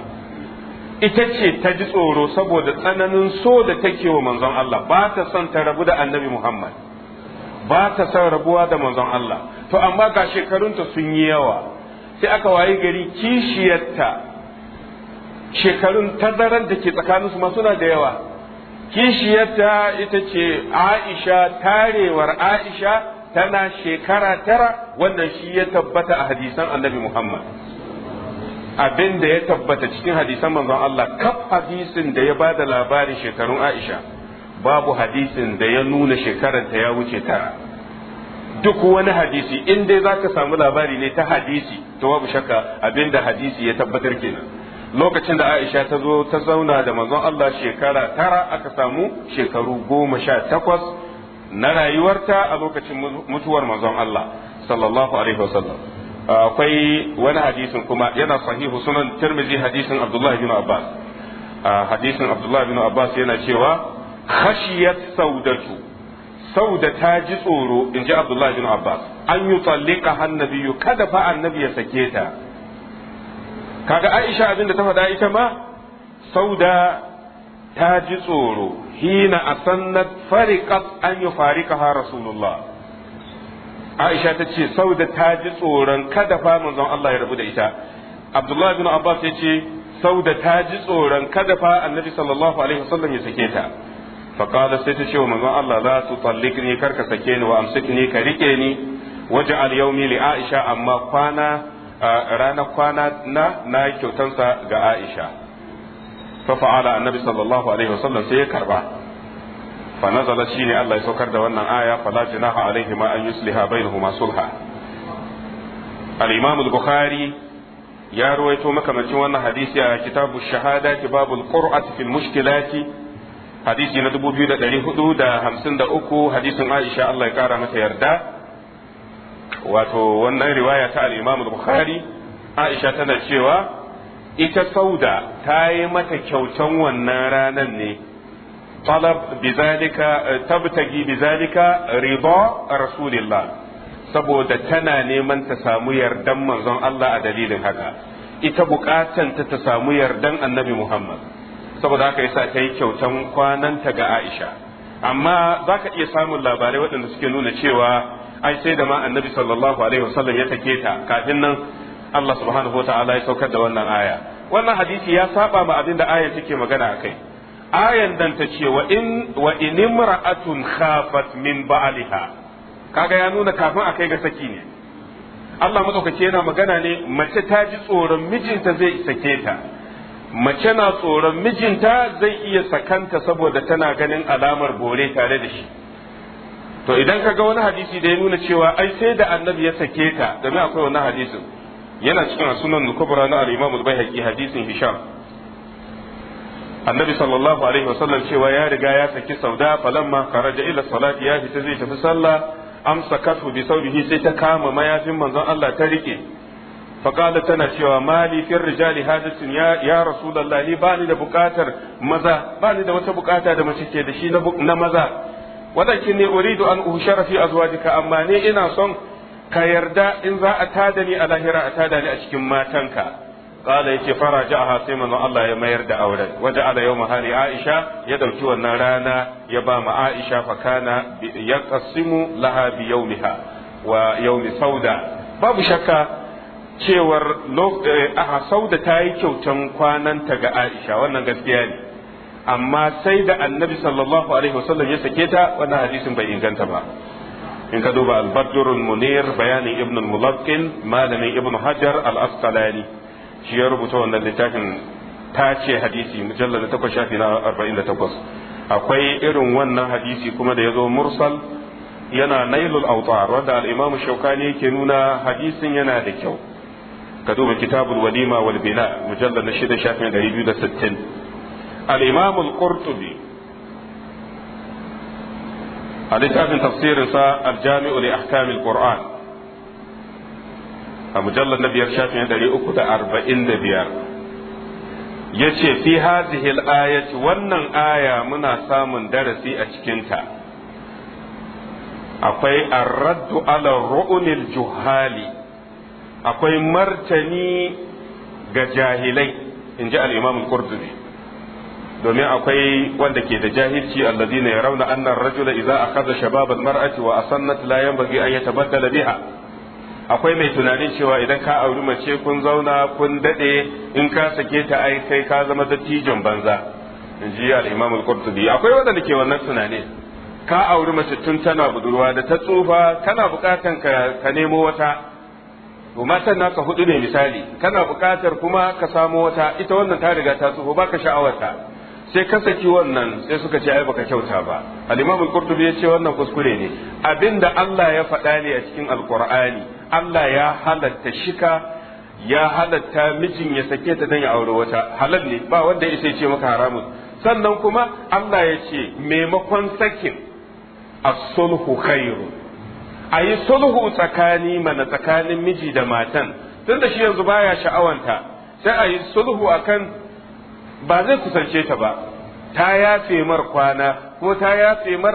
ita ce ta ji tsoro saboda tsananin so da take wa manzon Allah ba ta son ta rabu da annabi Muhammad ba ta son rabuwa da manzon Allah to amma ga shekarunta sun yi yawa sai aka wayi gari kishiyarta shekarun tazaran da ke tsakaninsu ma suna da yawa kishiyarta ita ce Aisha tarewar Aisha tana shekara tara wannan shi ya tabbata a hadisan annabi Muhammad abin da ya tabbata cikin hadisan manzon Allah kaf hadisin da ya ba da labarin shekarun Aisha babu hadisin da ya nuna shekaranta ya wuce tara duk wani hadisi in dai zaka samu labari ne ta hadisi to babu shakka abin da hadisi ya tabbatar kenan lokacin da Aisha ta zo ta zauna da manzon Allah shekara tara aka samu shekaru goma sha takwas na rayuwarta a lokacin mutuwar manzon Allah sallallahu alaihi wasallam akwai wani hadisin kuma yana sahihu sunan tirmizi hadisin abdullahi bin abbas hadisin abdullahi bin abbas yana cewa khashiyat saudatu sauda ta ji tsoro in ji abdullahi bin abbas an yi tsallika hannabiyu kada fa annabi ya sake ta kaga aisha abin da ta faɗa ita ma sauda ta ji tsoro hina asannat fariqat an yufarikaha rasulullah Aisha ta ce da ta ji tsoron kada fa manzon Allah ya rabu da ita Abdullah bin Abbas ya ce sauda ta ji tsoron kada fa annabi sallallahu alaihi wasallam ya sake ta faqala sai ta ce wa manzon Allah la kar karka sake ni wa amsikni ka rike ni waj'al yawmi li Aisha amma kwana rana kwana na na kyautansa ga Aisha fa annabi sallallahu alaihi wasallam sai ya karba fa nazala shine Allah ya saukar da wannan aya fala junaha alaihi ma an yusliha bainahuma sulha al-imam al-bukhari ya ruwaito makamancin wannan hadisi a kitabu shahadati babul qur'ati fil mushkilati hadisi na 2453 hadisin Aisha Allah ya kara mata yarda wato wannan riwaya ta al bukhari Aisha tana cewa ita sauda ta yi mata kyautan wannan ranan ne talab bizalika eh, tabtagi bizalika rida rasulillah saboda tana neman ta samu yardan manzon Allah a dalilin haka ita bukatan ta ta samu yardan annabi Muhammad saboda haka yasa ta yi kyautan kwananta ga Aisha amma za ka iya samun labarai waɗanda suke nuna cewa ai sai da ma annabi sallallahu alaihi wasallam ya take ta kafin nan Allah subhanahu ta'ala ya saukar da wannan aya wannan hadisi ya saba ma abin da ayan take magana akai ayan dan ta ce wa in wa in imra'atun khafat min ba'liha kaga ya nuna kafin akai ga saki ne Allah madaukake yana magana ne mace ta ji tsoron mijinta zai sake ta mace na tsoron mijinta zai iya sakanta saboda tana ganin alamar bore tare da shi to idan ka ga wani hadisi da ya nuna cewa ai sai da annabi ya sake ta domin akwai wani hadisin yana cikin sunan al-kubra na al-imam hadisin hisham annabi sallallahu alaihi wasallam cewa ya riga ya saki sauda falamma kharaja ila salati ya fita zai tafi sallah amsa kafu bi saurihi sai ta kama mayafin manzon Allah ta rike faqala tana cewa mali fi rijali hadathun ya ya rasulullah ni ba ni da bukatar maza ba ni da wata bukata da mace ke da shi na maza wadakin ne uridu an ushara fi azwajika amma ne ina son ka yarda in za a tada ni a lahira a tada ni a cikin matanka qala yace faraja'aha sai manzo Allah ya mayar da auren waje ala yau mahari Aisha ya dauki wannan rana ya ba ma Aisha fa kana yaqsimu laha bi yawmiha wa yawmi sauda babu shakka cewar eh, aha sauda ta yi kyautan kwananta ga Aisha wannan gaskiya ne amma sai da annabi sallallahu alaihi wasallam ya sake ta wannan hadisin bai inganta ba in ka duba al-badrul munir bayanin ibn al-mulakkin malamin ibn hajar al-asqalani shi ya rubuta wannan littafin tace hadisi mujallal na 8 shafi na 48 akwai irin wannan hadisi kuma da yazo mursal yana nailul awtar wanda al-imam shaukani yake nuna hadisin yana da kyau ka duba kitabul walima wal bina mujallal na 6 shafi na 260 al-imam al-qurtubi a littafin tafsirinsa aljami'u li ahkamil qur'an a mujallar na biyar shafin ɗari uku da arba'in da biyar ya ce fi hazihil ayati wannan aya muna samun darasi a cikinta akwai arraddu ala ru'unil juhali akwai martani ga jahilai in ji al'imam qurtubi domin akwai wanda ke da jahilci alladina ya rauna annar rajula idza akhadha shabab al-mar'ati wa asannat la yanbaghi an yatabaddala biha akwai mai tunanin cewa idan ka auri mace kun zauna kun dade in ka sake ta ai kai ka zama dattijon banza in ji al-imam al-qurtubi akwai wanda ke wannan tunani ka auri mace tun tana budurwa da ta tsufa kana bukatan ka ka nemo wata to matan naka hudu ne misali kana bukatar kuma ka samo wata ita wannan ta riga ta tsufa baka sha'awarta sai ka saki wannan sai suka ce ai baka kyauta ba al-imam al-qurtubi ya ce wannan kuskure ne abinda Allah ya faɗa ne a cikin al-qur'ani Allah ya halatta shika ya halatta mijin ya sake ta dan ya aure wata halal ne ba wanda ya ce maka haramun sannan kuma Allah ya ce maimakon sakin as-sulhu khairu ayi sulhu tsakani mana tsakanin miji da matan tunda shi yanzu baya sha'awanta sai ayi sulhu akan ba zai kusance ta ba ta yafe mar kwana ko ta yafe mar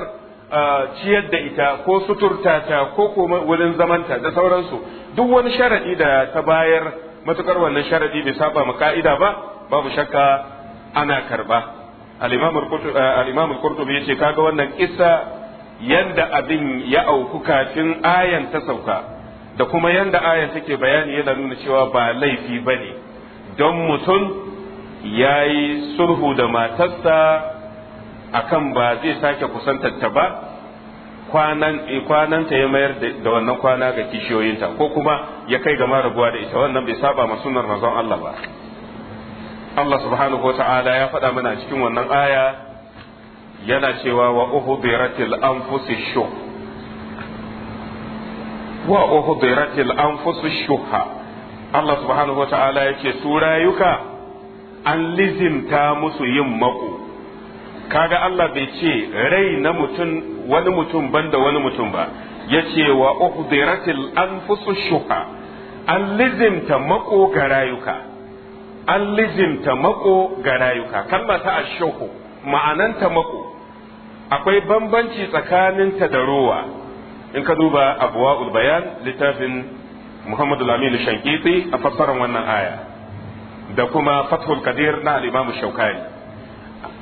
ciyar da ita ko suturta ta ko kuma wurin zamanta da sauransu duk wani sharadi da ta bayar matukar wannan sharadi bai saba ma ka'ida ba babu shakka ana karba al-imam al-qurtubi yace kaga wannan kissa yanda abin ya auku kafin ayan ta sauka da kuma yanda ayan take bayani yana nuna cewa ba laifi bane don mutum ya yi sulhu da matarsa akan ba zai sake ta ba eh, kwananta ya mayar da wannan kwana ga kishiyoyinta ko kuma ya kai gama rabuwa da ita wannan bai saba ma sunan razon Allah ba Allah subhanahu wa ta'ala ya faɗa mana cikin wannan aya yana cewa wa uhu biratil anfusi shuh wa biratil anfusi shuha Allah subhanahu wa ta'ala yake su rayuka an lizimta musu yin mako kaga Allah bai ce rai na mutum wani mutum banda wani mutum ba ya ce wa uhdiratil anfusu shuha an lizimta mako ga rayuka an lizimta mako ga rayuka kalma ta ashuhu ma'ananta mako akwai bambanci tsakaninta da rowa in ka duba abuwa bayan littafin muhammadu lamini shankiti a fassarar wannan aya da kuma fathul kadir na al-imam shaukani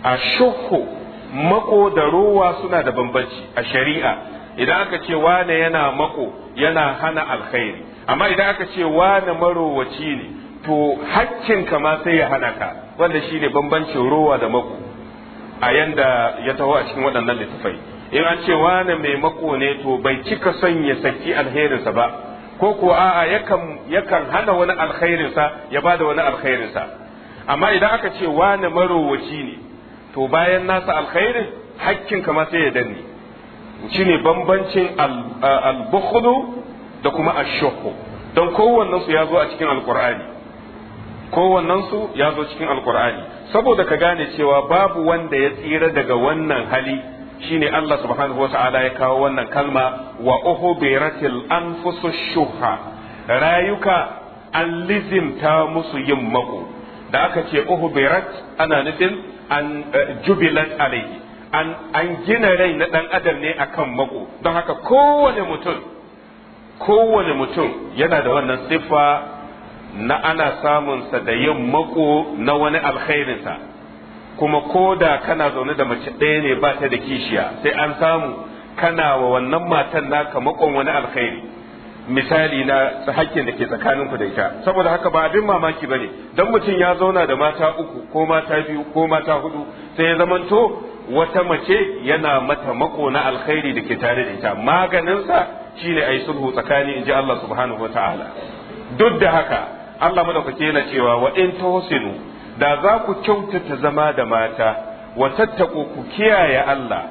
a shukku mako da ruwa suna da bambanci a shari'a idan aka ce wane yana mako yana hana alkhairi amma idan aka ce wane marowaci ne to hakkinka ma sai ya hana ka wanda shine bambancin ruwa da mako a yanda ya taho a cikin waɗannan littafai in an ce wane mai mako ne to bai cika son ya saki alherinsa ba ko kuwa a'a yakan yakan hana wani alkhairinsa ya bada wani sa amma idan aka ce wani marowaci ne to bayan nasa alkhairin hakkin kama sai ya danne shine bambancin al-bukhlu da kuma ash don kowannen su ya zo a cikin alqur'ani kowannen su ya zo cikin alqur'ani saboda ka gane cewa babu wanda ya tsira daga wannan hali shine Allah subhanahu wa ta'ala ya kawo wannan kalma wa uhbiratil anfusu shuha rayuka an lizimta musu yin mako da aka ce uhbirat ana nufin an eh, jubilat alayhi an an gina rai na dan adam ne akan mako don haka kowane mutum kowane mutum yana da wannan siffa na ana samunsa da yin mako na wani alkhairinsa kuma ko da kana zaune da mace ɗaya ne ba ta da kishiya sai an samu kana wa wannan matan naka makon wani alkhairi misali na hakkin da ke tsakaninku da ita saboda haka ba abin mamaki ba ne don mutum ya zauna da mata uku ko mata biyu ko mata hudu sai ya zamanto wata mace yana mata mako na alkhairi da ke tare da ita maganinsa shine ai sulhu tsakani in ji Allah subhanahu wa ta'ala duk da haka Allah madaukake yana cewa wa in tuhsinu da za ku kyautata zama da mata wa tattako ku kiyaye Allah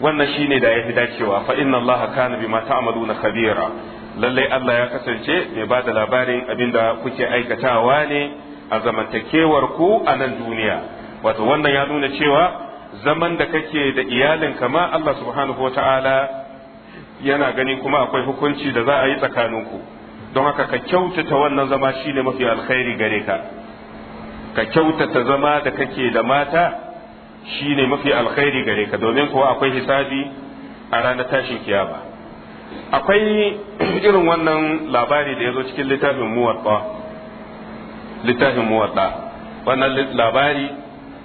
wannan shine da yafi dacewa fa inna Allah kana bima ta'maluna khabira lalle Allah ya kasance mai bada labarin abinda kuke aikatawa ne a zamantakewar ku a nan duniya wato wannan ya nuna cewa zaman da kake da iyalin kama Allah subhanahu wata'ala yana gani kuma akwai hukunci da za a yi tsakaninku don haka ka kyautata wannan zama shine mafi alkhairi gare ka ka kyautata zama da kake da mata shine mafi alkhairi gare ka domin kuwa akwai hisabi a ranar tashin kiyama akwai irin wannan labari da ya zo cikin littafin muwatta littafin muwatta wannan labari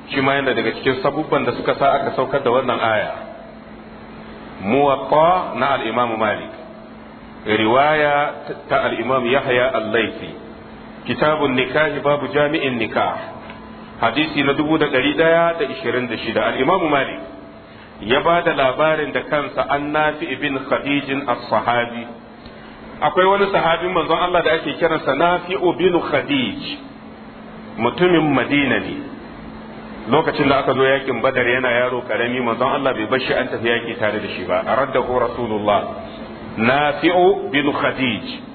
shi ma yana daga cikin sabubban da suka sa aka saukar da wannan aya muwatta na al-imam malik riwaya ta al-imam yahya al-laifi kitabun nikahi babu jami'in nikah hadisi na dubu da ɗari ɗaya da ishirin da shida al'imamu malik ya ba da labarin da kansa an nafi ibn khadijin as-sahabi akwai wani sahabin manzon Allah da ake kiransa nafi'u bin khadij mutumin madina ne lokacin da aka zo yakin badar yana yaro karami manzon Allah bai bar shi an tafi yaki tare da shi ba araddahu rasulullah nafi'u bin khadij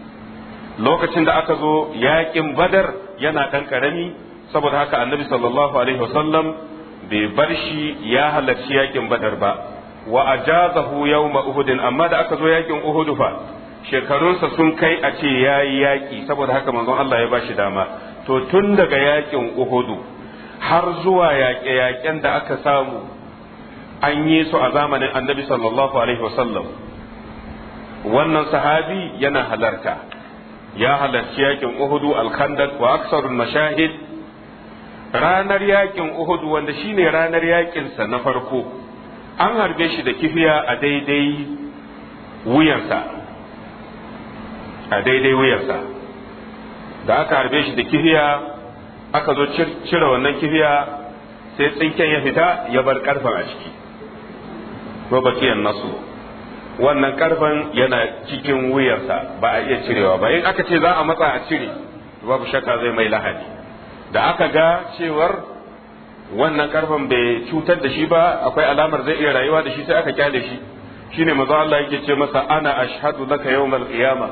lokacin da aka zo yaƙin badar yana ɗan ƙarami saboda haka annabi sallallahu alaihi wasallam bai bar shi ya halarci yaƙin badar ba wa ajazahu yawma uhudin amma da aka zo yaƙin uhud fa shekarunsa sun kai a ce yayi yaƙi saboda haka manzon Allah ya bashi dama to tun daga yaƙin uhudu har zuwa yaƙe-yaƙen da aka samu an yi su a zamanin annabi sallallahu alaihi wasallam wannan sahabi yana halarta ya halarci yakin uhudu alkhandak wa aksarul mashahid ranar yakin uhudu wanda shine ranar yakinsa na farko an harbe shi da kifiya a daidai wuyansa a daidai wuyansa da aka harbe shi da kifiya aka zo cire wannan kifiya sai tsinken ya fita ya bar karfin a ciki ko bakiyan nasu wannan karfan yana cikin wuyarsa ba a iya cirewa ba in aka ce za a matsa a cire babu shakka zai mai lahani da aka ga cewar wannan karfan bai cutar da shi ba akwai alamar zai iya rayuwa da shi sai aka kyale shi shine manzo Allah yake ce masa ana ashhadu laka yawmal qiyama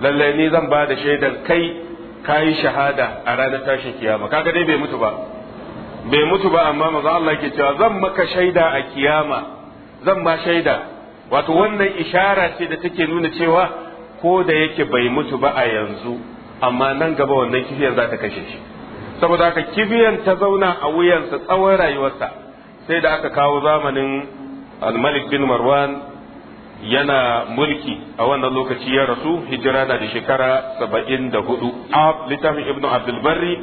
lalle ni zan ba da shaidar kai kayi shahada a ranar tashin kiyama kaga dai bai mutu ba bai mutu ba amma manzo Allah yake cewa zan maka shaida a kiyama zan ma shaida wato wannan ishara ce da take nuna cewa ko da yake bai mutu ba a yanzu amma nan gaba wannan kifiyar za ta kashe shi saboda haka kibiyan ta zauna a wuyansa tsawon rayuwarsa sai da aka kawo zamanin almalik bin marwan yana mulki a wannan lokaci ya rasu hijira na da shekara saba'in da hudu littafin ibnu abdulbarri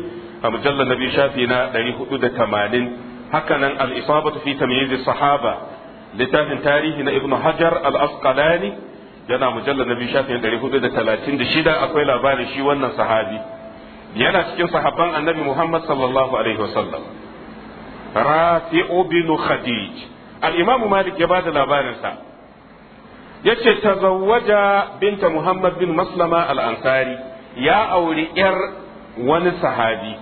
a mujallar na biyu shafi na ɗari hudu da tamanin hakanan al-isabatu fi tamyiz sahaba littafin tarihi na ibnu hajar al-asqalani yana mujallar na biyu shafin ɗari hudu da talatin da shida akwai labarin shi wannan sahabi yana cikin sahabban annabi muhammad sallallahu alaihi wasallam rafi'u bin khadij al-imam malik ya bada labarinsa yace tazawwaja binta muhammad bin maslama al-ansari ya auri yar wani sahabi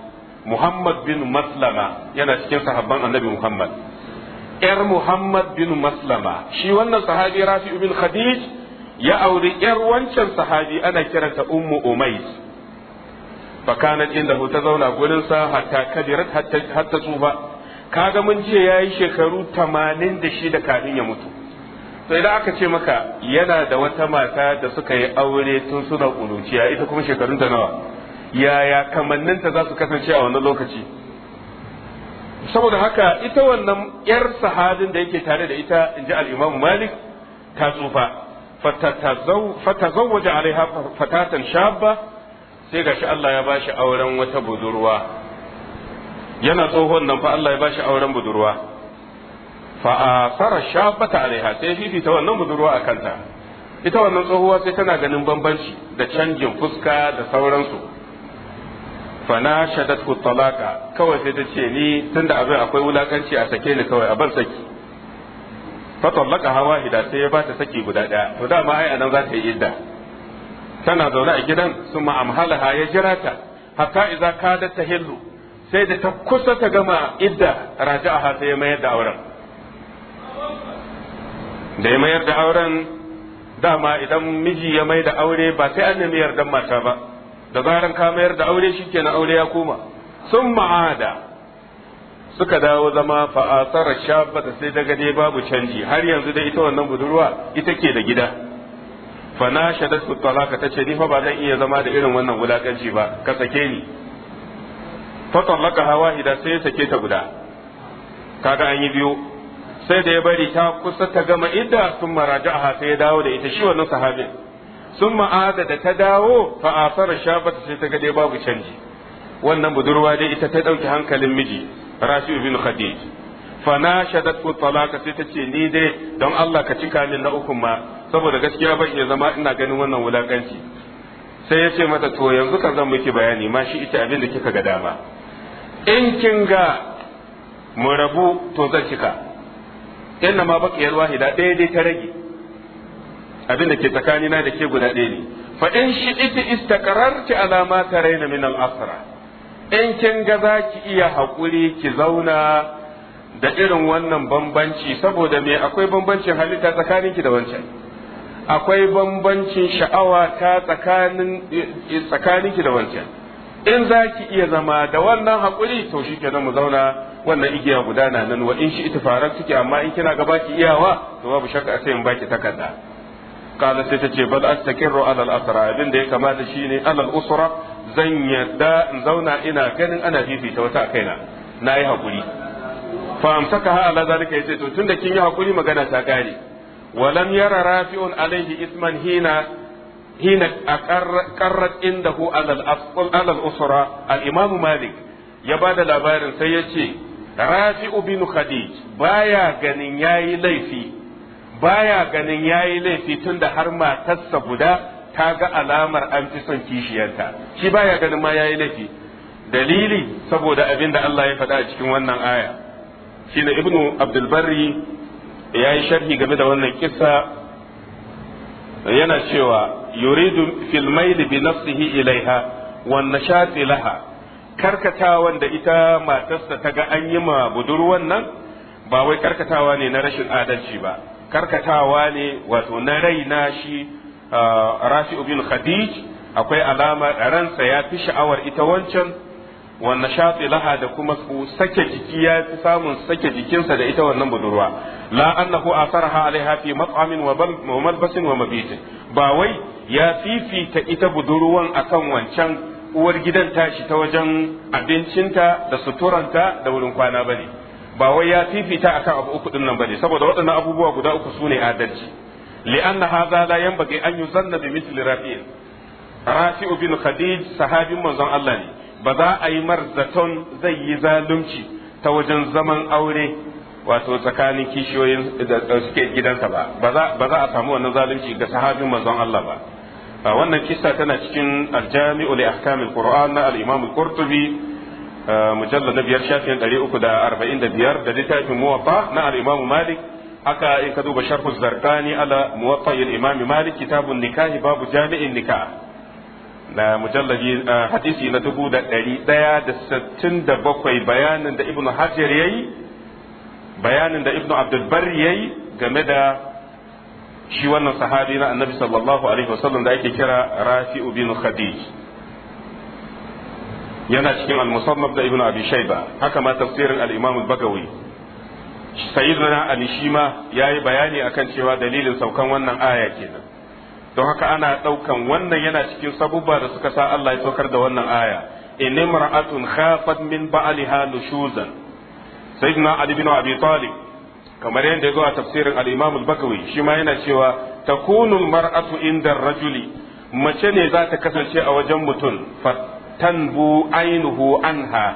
muhammad bin maslama yana cikin sahabban annabi muhammad yar Muhammad bin Maslama shi wannan sahabi Rafi'u bin Khadij ya auri yar wancan sahabi ana kiranta Ummu Umais fa kanat inda ta zauna gurin sa hatta kadirat hatta tsufa kaga mun ce yayi shekaru 86 kafin ya mutu to idan aka ce maka yana da wata mata da suka yi aure tun suna kuruciya ita kuma shekarunta ta nawa yaya kamanninta za su kasance a wannan lokaci saboda haka ita wannan yar sahadin da yake tare da ita in ji al'imamu malik ta tsufa a alaiha fatatan shabba sai gashi Allah ya bashi auren wata budurwa yana tsohon nan fa Allah ya bashi auren budurwa shabba ta alaiha sai fifita wannan budurwa a kanta ita wannan tsohuwa sai tana ganin bambanci da canjin fuska da sauransu fana shadat ku talaka kawai sai ta ce ni tunda abin akwai wulakanci a sake ni kawai a ban saki fa tallaka hawa hida sai ya bata saki guda daya to dama ai anan za ta yi idda tana zaune a gidan sun ha ya jira ta hatta idza ta tahillu sai da ta kusa ta gama idda raja'aha sai ya mayar da auren da ya mayar da auren dama idan miji ya mai da aure ba sai an nemi yardan mata ba da zaran ka mayar da aure kenan aure ya koma sun ma'ada suka dawo zama fa'asar da sai daga dai babu canji har yanzu da ita wannan budurwa ita ke da gida fana su talaka ta ce ni fa ba zan iya zama da irin wannan wulakanci ba ka sake ni fa talaka hawa idan sai sake ta guda kaga an yi biyu sai da ya bari ta kusa ta gama idda sun a sai ya dawo da ita shi wannan sahabin sun ma'ada da ta dawo fa asarar shafata sai ta gade babu canji wannan budurwa dai ita ta ɗauki hankalin miji rashi bin khadij fa na shadat ku talaka sai ta ce ni dai don Allah ka cika min na uku ma saboda gaskiya ban iya zama ina ganin wannan wulakanci sai ya ce mata to yanzu kan zan miki bayani ma shi ita abin da kika ga dama in kin ga mu rabu to zan cika inna ma baqiyal wahida dai ta rage abin da ke tsakanina da ke guda ɗaya ne fa in shi shi'iti istaqararti alama ta raina min al-asra in kin ga za ki iya haƙuri ki zauna da irin wannan bambanci saboda me akwai bambancin halitta ki da wancan akwai bambancin sha'awa ta tsakanin eh, ki da wancan in za ki iya zama da wannan haƙuri to shi ke mu zauna wannan igiya guda na nan wa in shi ita farar amma in kina gaba ki iyawa to babu shakka sai in baki takarda kala sai ta ce bal astaqirru alal asra abin da ya kamata shine alal usra zan yadda in zauna ina ganin ana fifita wata a kaina nayi hakuri fa amsaka ha ala zalika yace to tunda kin yi hakuri magana ta gane walam yara rafi'un alaihi isman hina hina qarrat indahu alal asl alal usra al imam malik ya bada labarin sai yace rafi'u bin khadij baya ganin yayi laifi baya ganin yayi laifi tun da har matarsa guda ta ga alamar an fi son kishiyarta shi baya ganin ma yayi laifi dalili saboda abin da Allah ya faɗa a cikin wannan aya shine ibnu abdul barri yayi sharhi game da wannan kissa yana cewa yuridu fil mail bi nafsihi ilaiha wan nashati laha karkatawan da ita matarsa ta ga an yi ma budurwan nan ba wai karkatawa ne na rashin adalci ba karkatawa ne wato na rai na shi rafi'u bin khadij akwai alama ransa ya fi sha'awar ita wancan wannan shafi laha da kuma sake jiki ya fi samun sake jikinsa da ita wannan budurwa la annahu asarha alaiha fi mat'amin wa malbasin wa mabitin ba wai ya fifita ita budurwan akan wancan uwar gidan tashi ta wajen abincinta da suturanta da wurin kwana bane ba wai ya fifita akan abu uku din nan bane saboda waɗannan abubuwa guda uku sune adalci li'anna hadha la yanbaghi an yuzanna bi misli rafi'in rafi'u bin khadij sahabin manzon Allah ne ba za a yi marzaton zai yi zalunci ta wajen zaman aure wato tsakanin kishiyoyin da suke gidansa ba ba za a samu wannan zalunci ga sahabin manzon Allah ba wannan kisa tana cikin aljami'ul li ahkamil qur'an na al-imam al-qurtubi mujallar na biyar shafin ɗari uku da arba'in da biyar da littafin muwafa na al'imamu malik haka in ka duba sharhu zarkani ala muwaffa'il imam malik kitabun nikahi babu jami'in nikah da mujallabi hadisi na dubu da ɗari ɗaya da sittin da bakwai bayanin da ibnu hajar yayi bayanin da ibnu abdulbar yayi game da shi wannan sahabi na annabi sallallahu alaihi wasallam da ake kira rafi'u bin khadij yana cikin al-musannaf da ibnu abi shayba haka ma tafsirin al-imam al-bagawi ali shima yayi bayani akan cewa dalilin saukan wannan aya kenan don haka ana daukan wannan yana cikin sabubba da suka sa Allah ya saukar da wannan aya in imra'atun khafat min ba'liha nushuzan sayyiduna ali bin abi talib kamar yadda ya zo a tafsirin al-imam al-bagawi yana cewa takunu al-mar'atu inda rajuli mace ne za ta kasance a wajen mutum tanbu ainuhu anha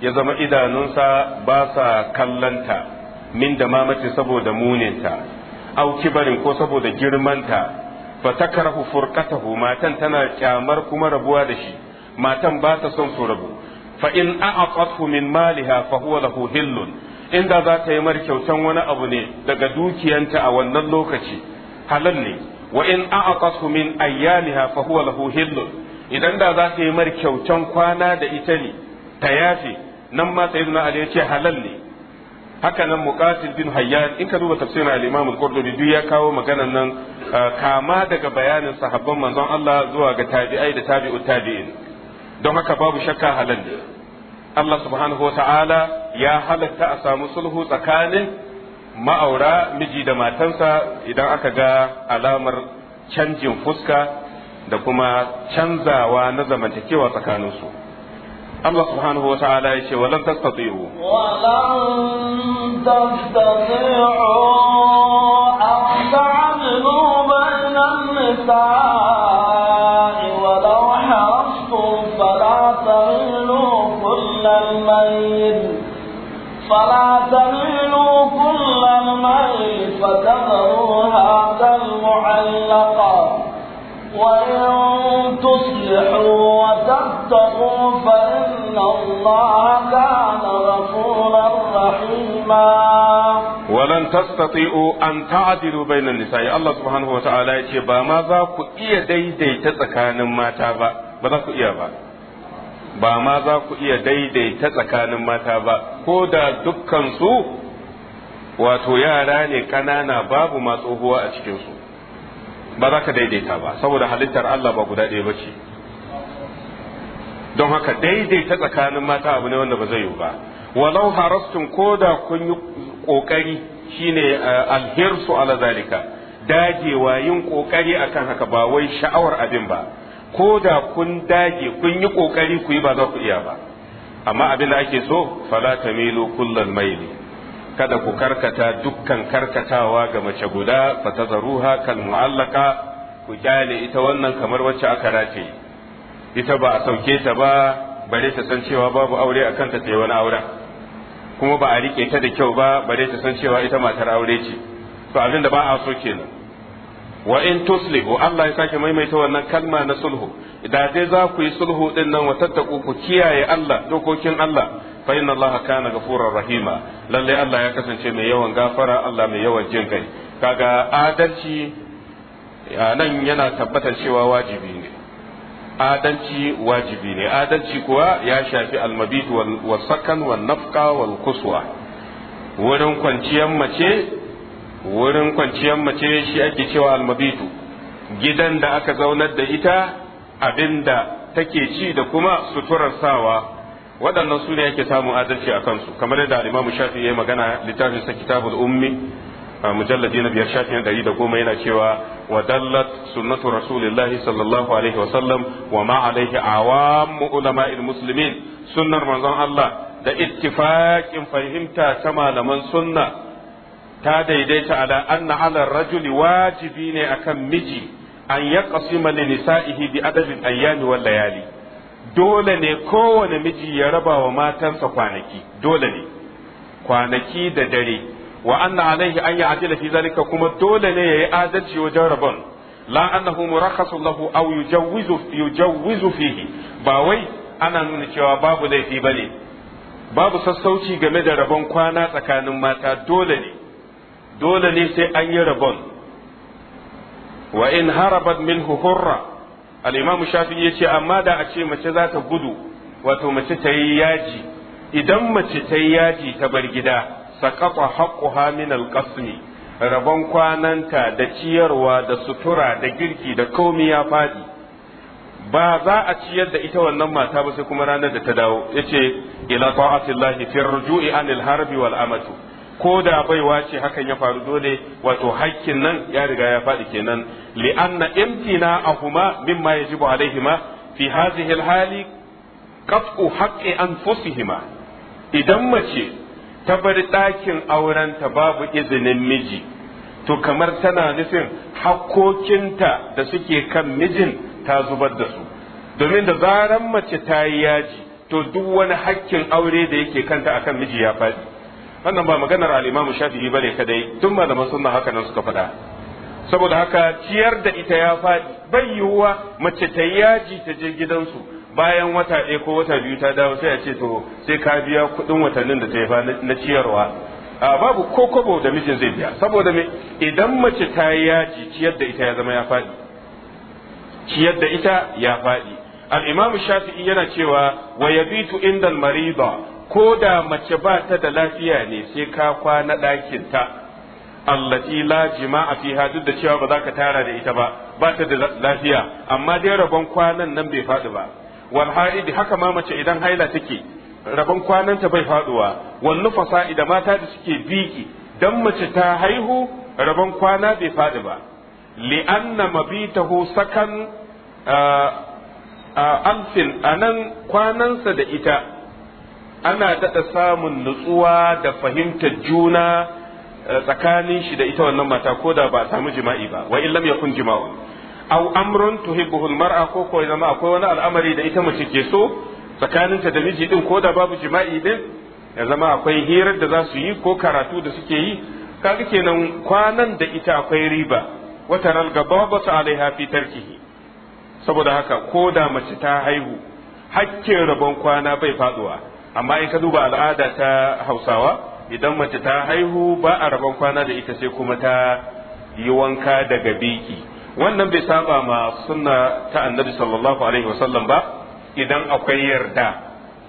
ya zama idanunsa ba sa kallanta min da mamace saboda muninta auki barin ko saboda girmanta fa takrahu furqatahu matan tana kyamar kuma rabuwa da shi matan ba ta son su rabu fa in a'aqathu min maliha fa huwa lahu hillun inda za ta yi markyautan wani abu ne daga dukiyanta a wannan lokaci halal ne wa in a'aqathu min ayyaliha fa huwa lahu hillun idan da za ka yi mar kyautan kwana da ita ne ta yafe nan ma sai ali ya ce halal ne haka nan muqatil bin hayyan in ka duba tafsirin al-imam al-qurtubi duk ya kawo maganan nan uh, kama daga bayanin sahabban manzon Allah zuwa ga tabi'ai da tabi'ut tabi'in don haka babu shakka halal ne Allah subhanahu wa ya halatta a samu sulhu tsakanin ma'aura miji da matansa idan aka ga alamar canjin fuska da kuma canzawa na zamantakewa tsakaninsu Allah subhanahu wa ta'ala ya ce wa lan tastati'u wa lan tastati'u an ta'dilu bayna an-nisa'i wa law harastum fala tahilu kullal mayl fala tahilu kullal mayl fatadruha kal mu'allaqa وإن تصلحوا وتتقوا فإن الله كان غفورا رحيما ولن تستطيعوا أن تعدلوا بين النساء الله سبحانه وتعالى يتي با ما ذاكو إيا دي دي تتكان ما تابا بذاكو إيا با ba ma za ku iya daidaita tsakanin mata ba ko da dukkansu wato yara ne ƙanana babu ma tsohuwa a cikinsu ba za ka daidaita ba saboda halittar Allah ba guda ɗaya ba ce. don haka daidaita tsakanin mata abu ne wanda ba zai yiwu ba walau harastun ko da kun yi kokari shine eh, alhirsu ala zalika dagewa yin ƙoƙari akan haka ba wai sha'awar abin ba ko da kun dage kun yi kokari ku yi ba za ku iya ba amma abin da ake so fala tamilu kullal maili kada ku karkata dukkan karkatawa ga mace guda fatazaruha kal mu'allaka ku kyale ita wannan kamar wacce aka rafe ita ba a sauke ta ba bare ta san cewa babu aure akan ta sai wani auren kuma ba a rike ta da kyau ba bare ta san cewa ita matar aure ce to abin da ba a so kenan wa in tuslihu Allah ya sake maimaita wannan kalma na sulhu da dai za ku yi sulhu din nan wa tattaku ku kiyaye Allah dokokin Allah fa inna allaha kana ghafurar rahima lalle Allah ya kasance mai yawan gafara Allah mai yawan jin kai kaga adalci nan yana tabbatar cewa wajibi ne adalci wajibi ne adalci kuwa ya shafi almabit wal sakan wal nafqa wal kuswa wurin kwanciyar mace wurin kwanciyar mace shi ake cewa almabitu gidan da aka zaunar da ita abinda take ci da kuma suturar sawa waɗannan su ne yake samun adalci a kansu kamar yadda imamu shafi ya magana littafin sa kitabul ummi mujalladi na biyar shafi na ɗari da goma yana cewa wa dallat sunnatu rasulillahi sallallahu alaihi wa sallam wa ma alaihi awam ulama'il muslimin sunnar manzon Allah da ittifaqin fahimta ta malaman sunna ta daidaita ala anna ala rajuli wajibi ne akan miji an yaqsima li nisa'ihi bi adadin ayyami wal layali dole ne kowane miji ya raba wa matansa kwanaki dole ne kwanaki da dare wa anna alaihi an ya ajila fi zalika kuma dole ne yayi adalci wajen rabon la annahu murakhasun lahu aw yujawwizu yujawwizu fihi ba wai ana nuna cewa babu laifi bane babu sassauci game da rabon kwana tsakanin mata dole ne dole ne sai an yi rabon wa in harabat minhu hurra al shafi ya yace amma da a ce mace za ta gudu wato mace ta yi yaji idan mace ta yi yaji ta bar gida saqata haqquha min al-qasmi rabon kwananta da ciyarwa da sutura da girki da komi ya fadi ba za a ciyar da ita wannan mata ba sai kuma ranar da ta dawo yace ila ta'atillahi fi rujui anil harbi wal amatu ko da baiwa ce hakan ya faru dole wato hakkin nan ya riga ya faɗi kenan li'anna imtina ahuma mimma yajibu alaihima fi hadhihi alhali qat'u haqqi anfusihima idan mace ta bar ɗakin aurenta babu izinin miji to kamar tana nufin hakkokinta da suke kan mijin ta zubar da su domin da zaran mace ta yi yaji to duk wani hakkin aure da yake kanta akan miji ya faɗi wannan ba maganar al'imamu shafi'i ba ne kadai tun malaman masunna haka nan suka faɗa saboda haka ciyar da ita ya faɗi bai yiwuwa mace ta yaji ta je gidansu bayan wata ɗaya ko wata biyu ta dawo sai a ce to sai ka biya kuɗin watannin da ta yi na ciyarwa a babu ko kobo da mijin zai biya saboda me idan mace ta yaji ciyar da ita ya zama ya faɗi ciyar da ita ya faɗi al shafi'i yana cewa wa yabitu indal marida ko da mace ba ta da lafiya ne sai ka kwana ɗakin ta allati la jima'a fiha duk da cewa ba za ka tara da ita ba ba ta da lafiya amma dai rabon kwanan nan bai faɗi ba wal ha'id haka ma mace idan haila take rabon kwanan bai faɗuwa. wal nufasa idan mata da suke biki dan mace ta haihu rabon kwana bai faɗi ba anna mabitahu sakan alfin ah, ah, anan kwanansa da ita ana daɗa samun nutsuwa da fahimtar juna eh, tsakanin shi da ita wannan mata ko da ba a samu jima'i ba wa illam yakun jima'u aw amrun tuhibbuhu mara ko ko zama akwai wani al'amari da ita mace ke so tsakanin ta da miji din ko da babu jima'i din ya zama akwai hirar da za su yi ko karatu da suke yi kaga kenan kwanan da ita akwai riba wata ral ba su alaiha fi tarkihi saboda haka ko da mace ta haihu hakkin rabon kwana bai faduwa amma in ka duba al'ada ta hausawa idan mace ta haihu ba a rabon kwana da ita sai kuma ta yi wanka daga biki wannan bai saba ma sunna ta annabi sallallahu alaihi wasallam ba idan akwai yarda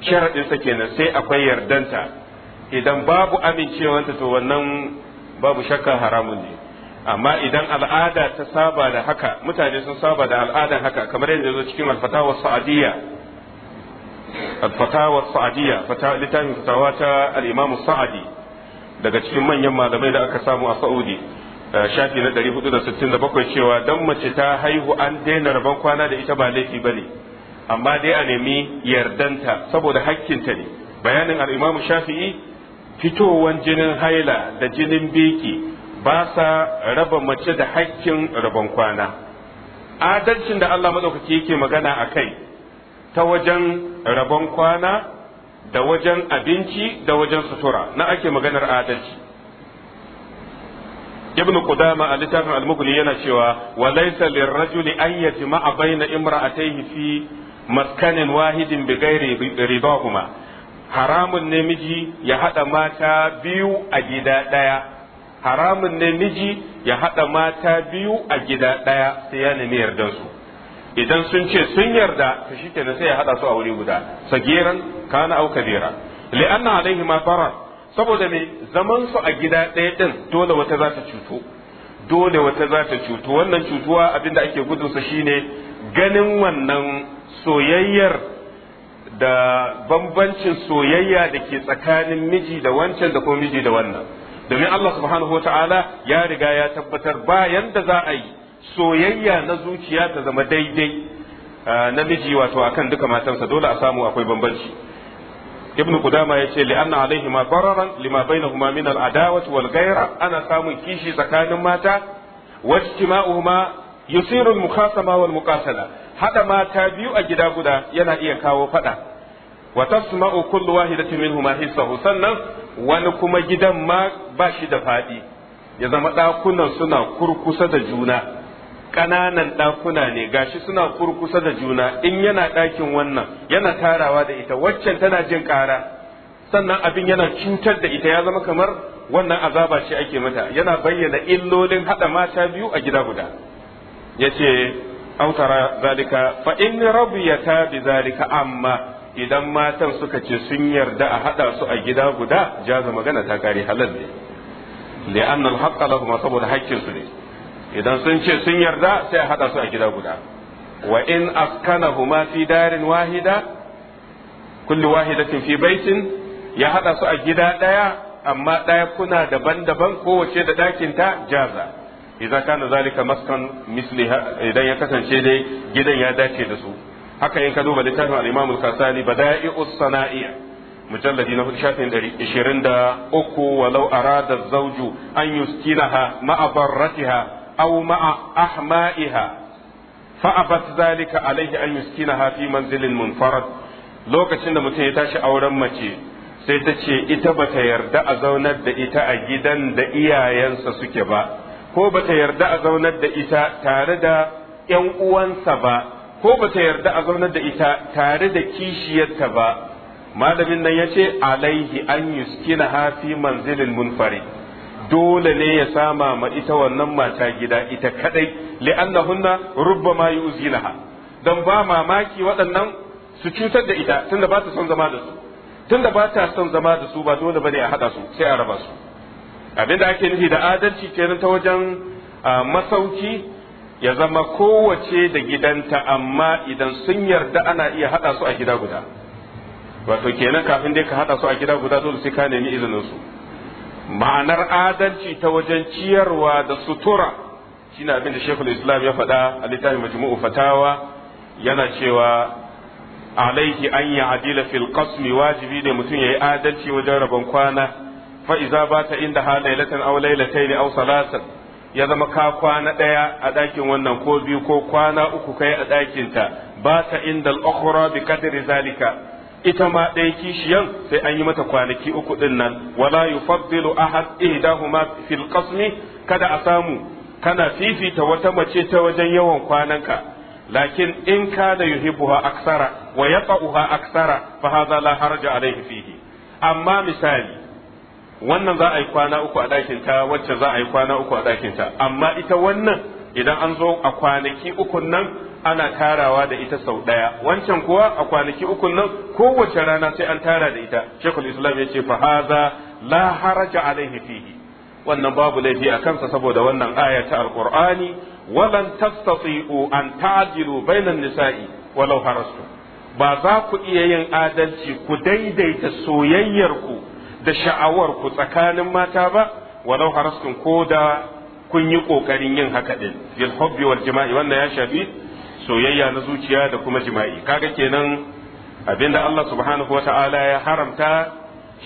sharaɗinsa kenan sai akwai yardanta idan babu amincewanta to wannan babu shakka haramun ne amma idan al'ada ta saba da haka mutane sun saba da al'adan haka kamar yadda zo cikin alfatawar sa'adiyya الفتاوى السعدية littafin fatawa ta الإمام sa'adi daga cikin manyan malamai da aka samu a Saudi eh, shafi na 467 cewa dan mace ta haihu an daina rabon kwana da ita ba laifi bane amma dai a nemi yardanta saboda hakkinta ne bayanin al Shafi'i fitowan jinin haila da jinin biki ba sa raba mace da hakkin rabon kwana adalcin da Allah maɗaukaki yake magana a kai ta wajen rabon kwana da wajen abinci da wajen sutura na ake maganar adalci ibn qudama a littafin al-mughni yana cewa wa laysa lirrajuli an yajma'a bayna imra'atayhi fi maskanin wahidin bi ghairi ridahuma haramun ne miji ya hada mata biyu a gida daya haramun ne miji ya hada mata biyu a gida daya sai ya nemi yardansu idan sun ce sun yarda shi shikenan sai ya hada su a wuri guda sagiran kana au kabira li'anna alaihi ma farar saboda me zaman su a gida ɗaya din dole wata za ta cuto dole wata za ta cuto wannan cutuwa abin da ake gudu sa shine ganin wannan soyayyar da bambancin soyayya da ke tsakanin miji da wancan da ko miji da wannan domin Allah subhanahu wa ya riga ya tabbatar bayan da za a yi soyayya na zuciya ta zama daidai na miji wato akan duka matansa dole a samu akwai bambanci ibnu qudama yace li anna alaihi ma bararan lima bainahuma min al adawati wal ghaira ana samun kishi tsakanin mata wajtima'uhuma yusiru al mukhasama wal muqatala hada mata biyu a gida guda yana iya kawo fada wa tasma'u kullu wahidatin minhuma hissahu sannan wani kuma gidan ma ba shi da fadi ya zama dakunan suna kurkusa da juna ƙananan ɗakuna ne gashi suna kurkusa da juna in yana ɗakin wannan yana tarawa da ita waccan tana jin ƙara sannan abin yana cutar da ita ya zama kamar wannan azaba ce ake mata yana bayyana illolin haɗa mata biyu a gida guda ya ce autara zalika fa in ta bi zalika amma idan matan suka ce sun yarda a haɗa su a gida guda jaza magana ta kare halal ne li'anna al-haqqa lahum saboda haƙƙin su ne idan sun ce sun yarda sai a hada su a gida guda wa in huma fi darin wahida kullu wahidatin fi baitin ya haɗa su a gida daya amma daya kuna daban-daban kowace da dakin ta jaza idza kana zalika maskan misliha idan ya kasance dai gidan ya dace da su haka in ka duba littafin al-Imam al-Kasani bada'i'us sana'iya مجلد له شافين دري إشيرين دا أكو ولو أراد الزوج أن aw ma'a ahma'iha fa abat zalika alaihi an yuskinaha fi manzilin munfarad lokacin da mutum ya tashi auren mace sai ta ce ita bata yarda a zaunar da ita a gidan da iyayensa suke ba ko bata yarda a zaunar da ita tare da ƴan uwansa ba ko bata yarda a zaunar da ita tare da kishiyarta ba malamin nan ya ce alaihi an yuskinaha fi manzilin munfarid dole ne ya sama ma ita wannan mata gida ita kadai li'annahunna rubbama yu'zinaha dan ba mamaki waɗannan su cutar da ita tunda ba ta son zama da su tunda ba ta son zama da su ba dole bane a hada su sai a raba su abinda ake nufi da adalci kenan ta wajen masauki ya zama kowace da gidanta amma idan sun yarda ana iya hada su a gida guda wato kenan kafin dai ka hada su a gida guda dole sai ka nemi izinin su ma'anar adalci ta wajen ciyarwa da sutura shine abin da shekul islam ya faɗa a littafin majmu'u fatawa yana cewa alaihi an yi adila fil qasmi wajibi ne mutum yayi adalci wajen rabon kwana fa iza bata inda ha lailatan aw lailatayn aw salatan ya zama ka kwana daya a dakin wannan ko biyu ko kwana uku kai a dakin ta bata inda al-ukhra bi qadri zalika ita ma ɗaya kishiyan sai an yi mata kwanaki uku ɗin nan wala yufaddilu ahad ihdahuma fil qasmi kada a samu kana fifita wata mace ta wajen yawan kwananka lakin in kana yuhibuha aksara wa yaqa'uha aksara fa hadha la haraja alayhi fihi amma misali wannan za a yi kwana uku a ɗakin ta wacce za a yi kwana uku a ɗakin ta amma ita wannan idan an zo a kwanaki uku nan ana tarawa da ita sau ɗaya wancan kuwa a kwanaki uku nan kowace rana sai an tara da ita shekul islam ya ce fa haza la haraja alaihi fihi wannan babu laifi a kansa saboda wannan aya ta alqur'ani walan tastati'u an ta'dilu bainan nisa'i walau harastu ba za ku iya yin adalci ku daidaita soyayyar ku da sha'awar ku tsakanin mata ba walau harastu ko da kun yi kokarin yin haka din bil hubbi wal jima'i wannan ya shafi soyayya na zuciya da kuma jima'i kaga kenan abinda Allah subhanahu wata'ala ya haramta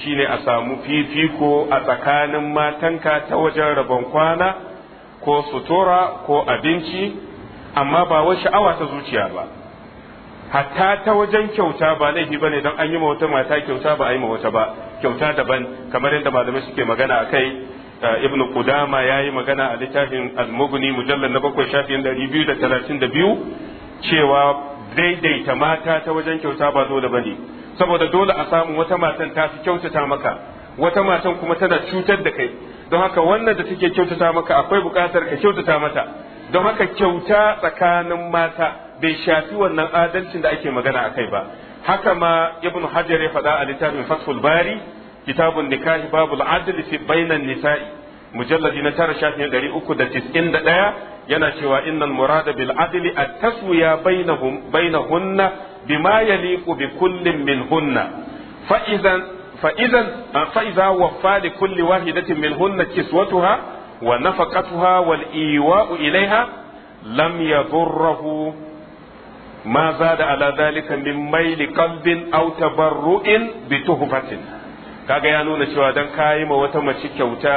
shine a samu fifiko a tsakanin matanka ta wajen rabon kwana ko sutura ko abinci amma ba wai sha'awa ta zuciya ba hatta ta wajen kyauta ba laifi bane dan an yi ma wata mata kyauta ba a yi ma wata ba kyauta daban kamar yadda malamai suke magana akai kai Ibnu ibn ya yi magana a littafin al-mughni mujallal na bakwai shafin 232 cewa daidaita mata ta wajen kyauta ba dole bane saboda dole a samu wata matan ta fi kyautata maka wata matan kuma tana cutar da kai don haka wannan da take kyautata maka akwai buƙatar ka kyautata mata don haka kyauta tsakanin mata bai shafi wannan adalcin da ake magana a kai ba haka ma Ibnu Hajara ya faɗa a littafin fathul bari kitabun nikahi babu adli fi bainan nisa'i mujalladi na tara shafin ɗari uku da tis'in da ɗaya yana cewa innal murada bil adli at taswiya bainahum bainahunna bima yaliqu bi kullin minhunna fa idan fa idan fa idza waffa li kulli wahidatin minhunna kiswatuha wa nafaqatuha wal ilaiha lam yadurruhu ما زاد على ذلك من ميل قلب أو تبرؤ بتهفة kaga ya nuna cewa dan ka yi ma wata mace kyauta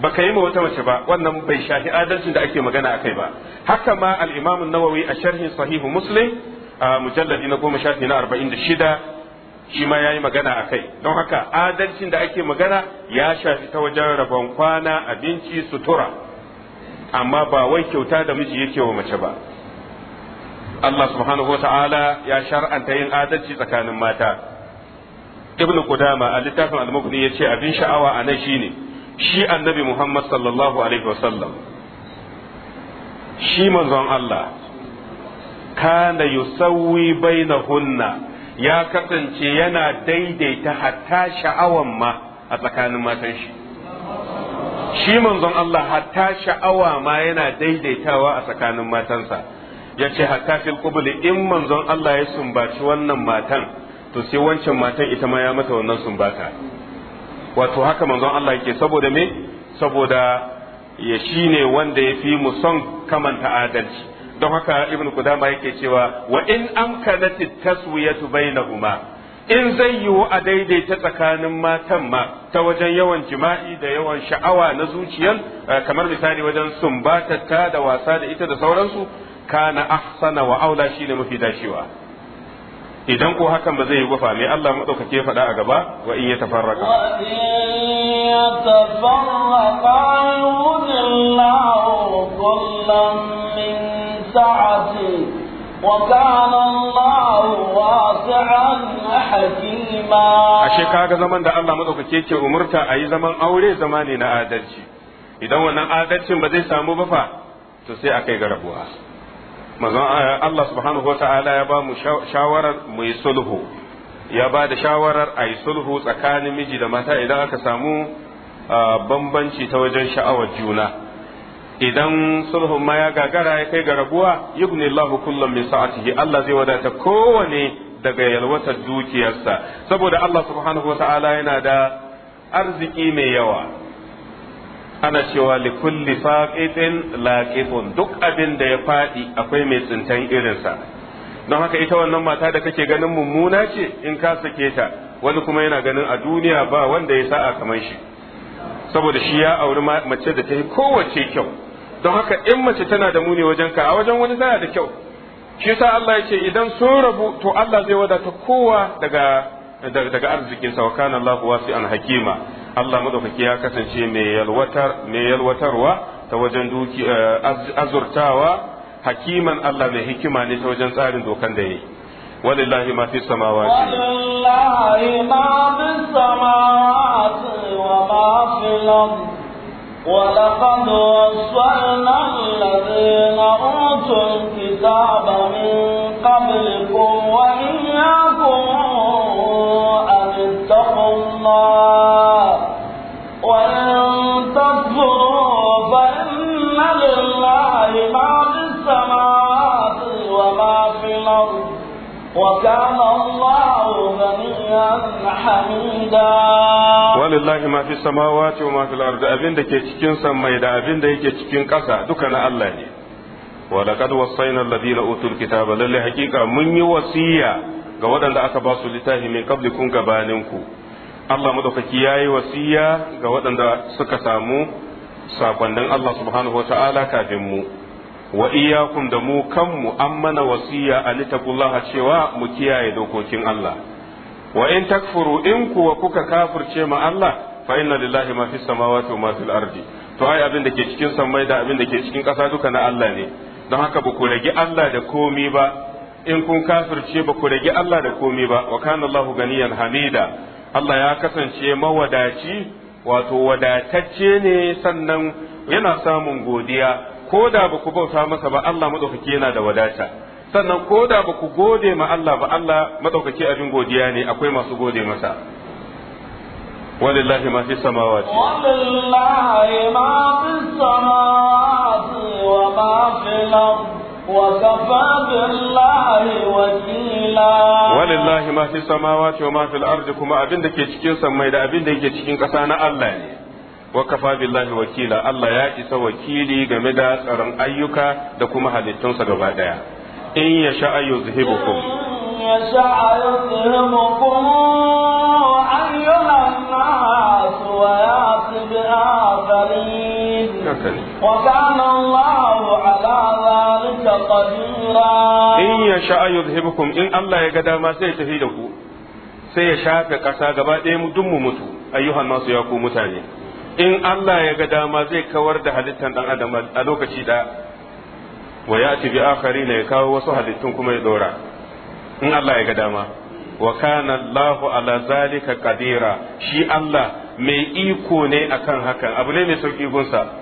ba ka yi ma wata mace ba wannan bai shafi adalcin da ake magana akai ba haka ma al-Imam an-Nawawi a sharhin sahihu Muslim a mujalladi na goma shafi na arba'in da shida shi ma ya yi magana a kai don haka adalcin da ake magana ya shafi ta wajen rabon kwana abinci sutura amma ba wai kyauta da miji yake wa mace ba Allah subhanahu wa ta'ala ya shar'anta yin adalci tsakanin mata ibn قدامة a littafin al-mughni yace abin sha'awa a nan shine shi annabi muhammad sallallahu alaihi wasallam shi manzon Allah kana yusawwi bainahunna ya kasance yana daidaita hatta sha'awan ma a tsakanin shi shi manzon Allah hatta sha'awa ma yana daidaitawa a tsakanin matansa ya ce hatta fil in manzon Allah ya sumbaci wannan matan to sai wancan matan ita ma ya mata wannan sumbata wato haka manzon Allah yake saboda me saboda ya shine wanda yafi fi mu son kamanta adalci don haka ibn kudama yake cewa wa in amkanat taswiyatu bainahuma in zai yiwu a daidaita tsakanin matan ma ta wajen yawan jima'i da yawan sha'awa na zuciyar eh, kamar misali wajen ta da wasa da ita da sauransu kana ahsana wa aula shine mafi dashewa idan ko hakan ba zai yi gufa mai Allah maɗaukake faɗa a gaba wa in ya tafarraka a ashe kaga zaman da Allah maɗaukake ke umurta a yi zaman aure zama ne na adalci idan wannan adalcin ba zai samu ba fa to sai a kai ga rabuwa manzon eh, Allah subhanahu ta'ala ya ba mu shawarar mu yi sulhu ya ba da shawarar a yi sulhu tsakanin miji da mata idan aka samu eh, bambanci ta wajen sha'awar juna idan sulhun ma ya gagara ya kai ga rabuwa yugni Allahu kullum min sa'atihi Allah zai wadata kowane daga yalwatar dukiyarsa saboda Allah subhanahu wa ta'ala yana da arziki mai yawa ana cewa likulli faqitin laqitun duk abin da ya fadi akwai mai tsintan irinsa don haka ita wannan mata da kake ganin mummuna ce in ka sake ta wani kuma yana ganin a duniya ba wanda ya sa'a kamar shi saboda shi ya auri mace da ta yi kowace kyau don haka in mace tana da muni wajen ka a wajen wani tana da kyau shi sa Allah ya ce idan sun rabu to Allah zai wadata kowa daga daga arzikinsa wa kana Allahu wasi'an hakima Allah madaukaki ya kasance mai yalwatar yalwatarwa ta wajen eh, azurtawa hakiman Allah mai hikima ne ta wajen tsarin dokan da ya yi walillahi ma fi samawati walillahi ma fi samawati wa ma fil ardh ولقد وصلنا الذين أوتوا الكتاب من قبلكم وإياكم Wa lallahi mafi wa ce mafi lar, da ke cikinsa mai da abinda yake cikin ƙasa, duka na Allah ne. Walaƙaɗuwar fainar da biyar otul-kitabar, lallai haƙiƙa mun yi wasiya ga waɗanda aka ba su littafi min qablikum gabaninku Allah madaukaki yi wasiya ga waɗanda suka samu sakonnin Allah subhanahu wata'ala kafin mu wa iyyakum da mu kanmu an mana wasiya an taqullaha cewa mu kiyaye dokokin Allah wa in takfuru in kuwa kuka kafurce ma Allah fa inna lillahi ma fis samawati wa ma fil ardi to ai abin da ke cikin sammai da abin da ke cikin ƙasa duka na Allah ne don haka ba ku rage Allah da komi ba in kun kafirce ba ku rage Allah da komai ba wa kana Allahu ganiyan hamida Allah ya kasance mawadaci wato wadatacce ne sannan yana samun godiya ko da ba ku bauta masa ba Allah madaukake yana da wadata sannan ko da ba ku gode ma Allah ba Allah madaukake abin godiya ne akwai masu gode masa ولله ما في السماوات ولله ما في السماوات وما في الأرض وكفى بالله وكيلا ولله ما في السماوات وما في الارض كما abin da ke cikin sammai da abin da yake cikin ƙasa na Allah ne wakafa billahi wakila Allah ya isa wakili game da tsaron ayyuka da kuma halittunsa gaba daya in ya sha'a yuzhibukum ya sha'a yuzhibukum ayyuhan nas wa ya'ti bi وكان الله على ذلك قديرا إن يشاء يذهبكم إن الله يقدر ما سيتهيدكم sai ya shafe ƙasa gaba ɗaya mu dun mu mutu ayyuhan nasu ya ku mutane in Allah ya ga dama zai kawar da halittar ɗan adam a lokaci da wa ya ci bi akhari ne ya kawo wasu halittun kuma ya ɗora in Allah ya ga dama wa kana Allahu ala zalika qadira shi Allah mai iko ne akan hakan abu ne mai sauki gunsa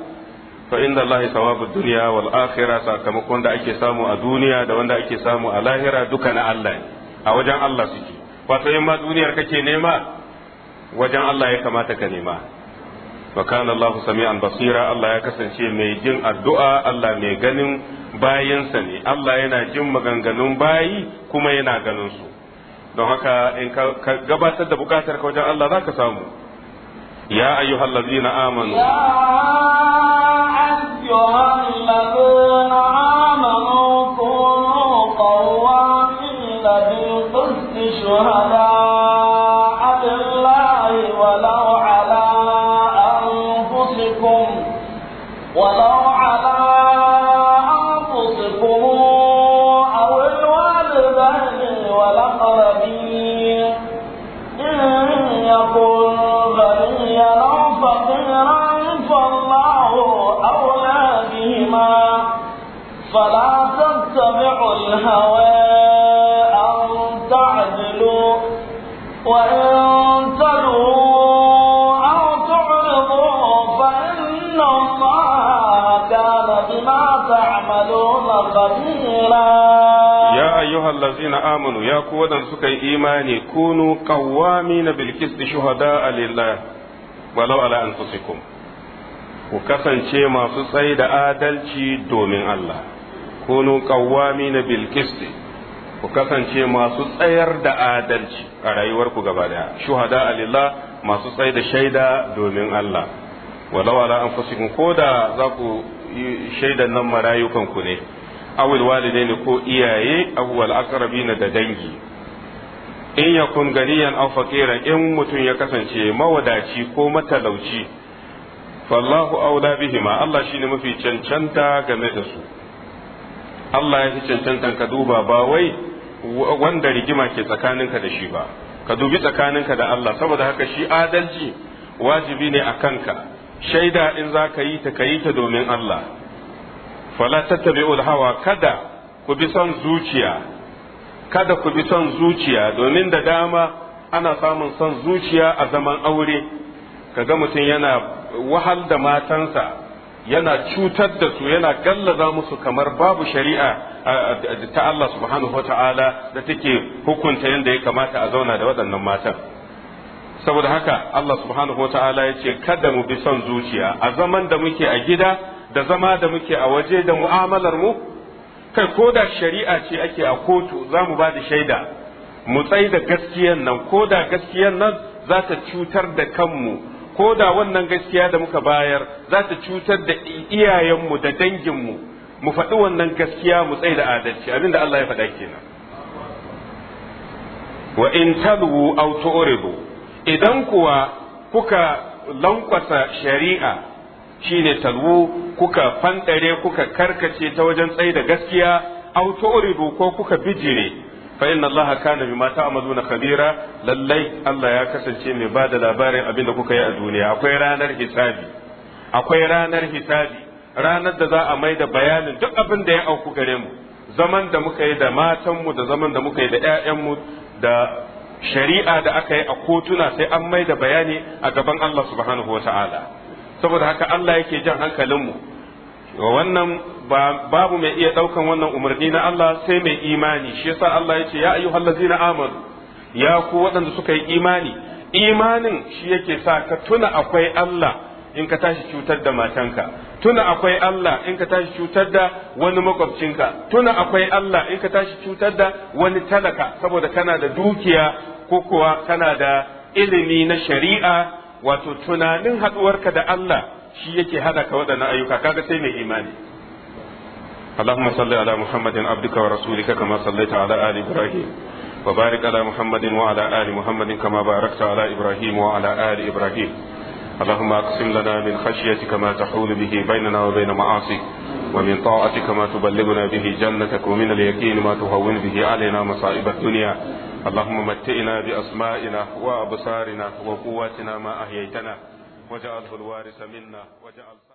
fa inda Allah sawabu duniya wal akhirah sakamakon da ake samu a duniya da wanda ake samu a lahira duka na Allah a wajen Allah suke wato in ma duniyar kake nema wajen Allah ya kamata ka nema wa kana Allahu sami'an basira Allah ya kasance mai jin addu'a Allah mai ganin bayansa ne Allah yana jin maganganun bayi kuma yana ganin su don haka in ka gabatar da bukatar ka wajen Allah zaka samu يا أيها الذين آمنوا يا أيها الذين آمنوا كونوا قوامين بالقسط شهداء ayyuhallazina amanu ya ku wadanda suka yi imani kunu qawwamina bil qist shuhada lillah walau ala anfusikum ku kasance masu tsayi da adalci domin Allah kunu qawwamina bil qist ku kasance masu tsayar da adalci a rayuwarku gaba daya shuhada lillah masu tsayi da shaida domin Allah walau ala anfusikum koda za ku shaidan nan marayukan ku ne awil ne ko iyaye awwal aqrabina da dangi in yakun ganiyan aw in mutum ya kasance mawadaci ko matalauci fallahu aula bihima Allah shine mafi cancanta game da su Allah ya fi cancantan ka duba ba wai wanda rigima ke tsakaninka da shi ba ka dubi tsakaninka da Allah saboda haka shi adalci wajibi ne a kanka shaida in za ka yi ta ka yi ta domin Allah fala tattabi'ul hawa kada ku bi son zuciya kada ku bi son zuciya domin da dama ana samun son zuciya a zaman aure kaga mutum yana wahal da matansa yana cutar da su yana gallaza musu kamar babu shari'a ta Allah subhanahu wata'ala da take hukunta yadda ya kamata a zauna da waɗannan matan saboda haka Allah subhanahu wata'ala ya ce kada mu bi son zuciya a zaman da muke a gida da zama da muke a waje da mu'amalar mu kai ko da shari'a ce ake a kotu za mu ba da shaida mu tsai da gaskiyan nan ko da gaskiyan nan za ta cutar da kanmu ko da wannan gaskiya da muka bayar za ta cutar da iyayenmu da danginmu mu faɗi wannan gaskiya mu tsai da adalci abinda Allah ya faɗa kenan wa in talwu aw idan kuwa kuka lankwasa shari'a shine talwu kuka fandare kuka karkace ta wajen tsayi da gaskiya aw tu'ridu ko kuka bijire fa inna allaha kana bima ta'maluna khabira lallai Allah ya kasance mai bada labarin abin da kuka yi a duniya akwai ranar hisabi akwai ranar hisabi ranar da za a mai da bayanin duk abin da ya auku gare mu zaman da muka yi da matanmu da zaman da muka yi da 'ya'yanmu da shari'a da aka yi a kotuna sai an mai da bayani a gaban Allah subhanahu wa ta'ala saboda haka Allah yake jan hankalinmu wannan babu mai iya ɗaukan wannan umarni na Allah sai mai imani shi yasa Allah ya ce ya ayyuhal ladzina amanu ya ku waɗanda suka yi imani imanin shi yake sa ka tuna akwai Allah in ka tashi cutar da matanka tuna akwai Allah in ka tashi cutar da wani makwabcinka tuna akwai Allah in ka tashi cutar da wani talaka saboda kana da dukiya ko kuwa kana da ilimi na shari'a wato tunanin haɗuwarka da Allah shi yake hada ka waɗannan ayyuka kaga sai mai imani اللهم صل على محمد عبدك ورسولك كما صليت على آل إبراهيم وبارك على محمد وعلى آل محمد كما باركت على إبراهيم وعلى آل إبراهيم اللهم اقسم لنا من خشيتك ما تحول به بيننا وبين معاصيك ومن طاعتك ما تبلغنا به جنتك ومن اليقين ما تهون به علينا مصائب الدنيا اللهم متئنا بأسمائنا وأبصارنا وقواتنا ما أحييتنا وجعله الوارث منا وجعل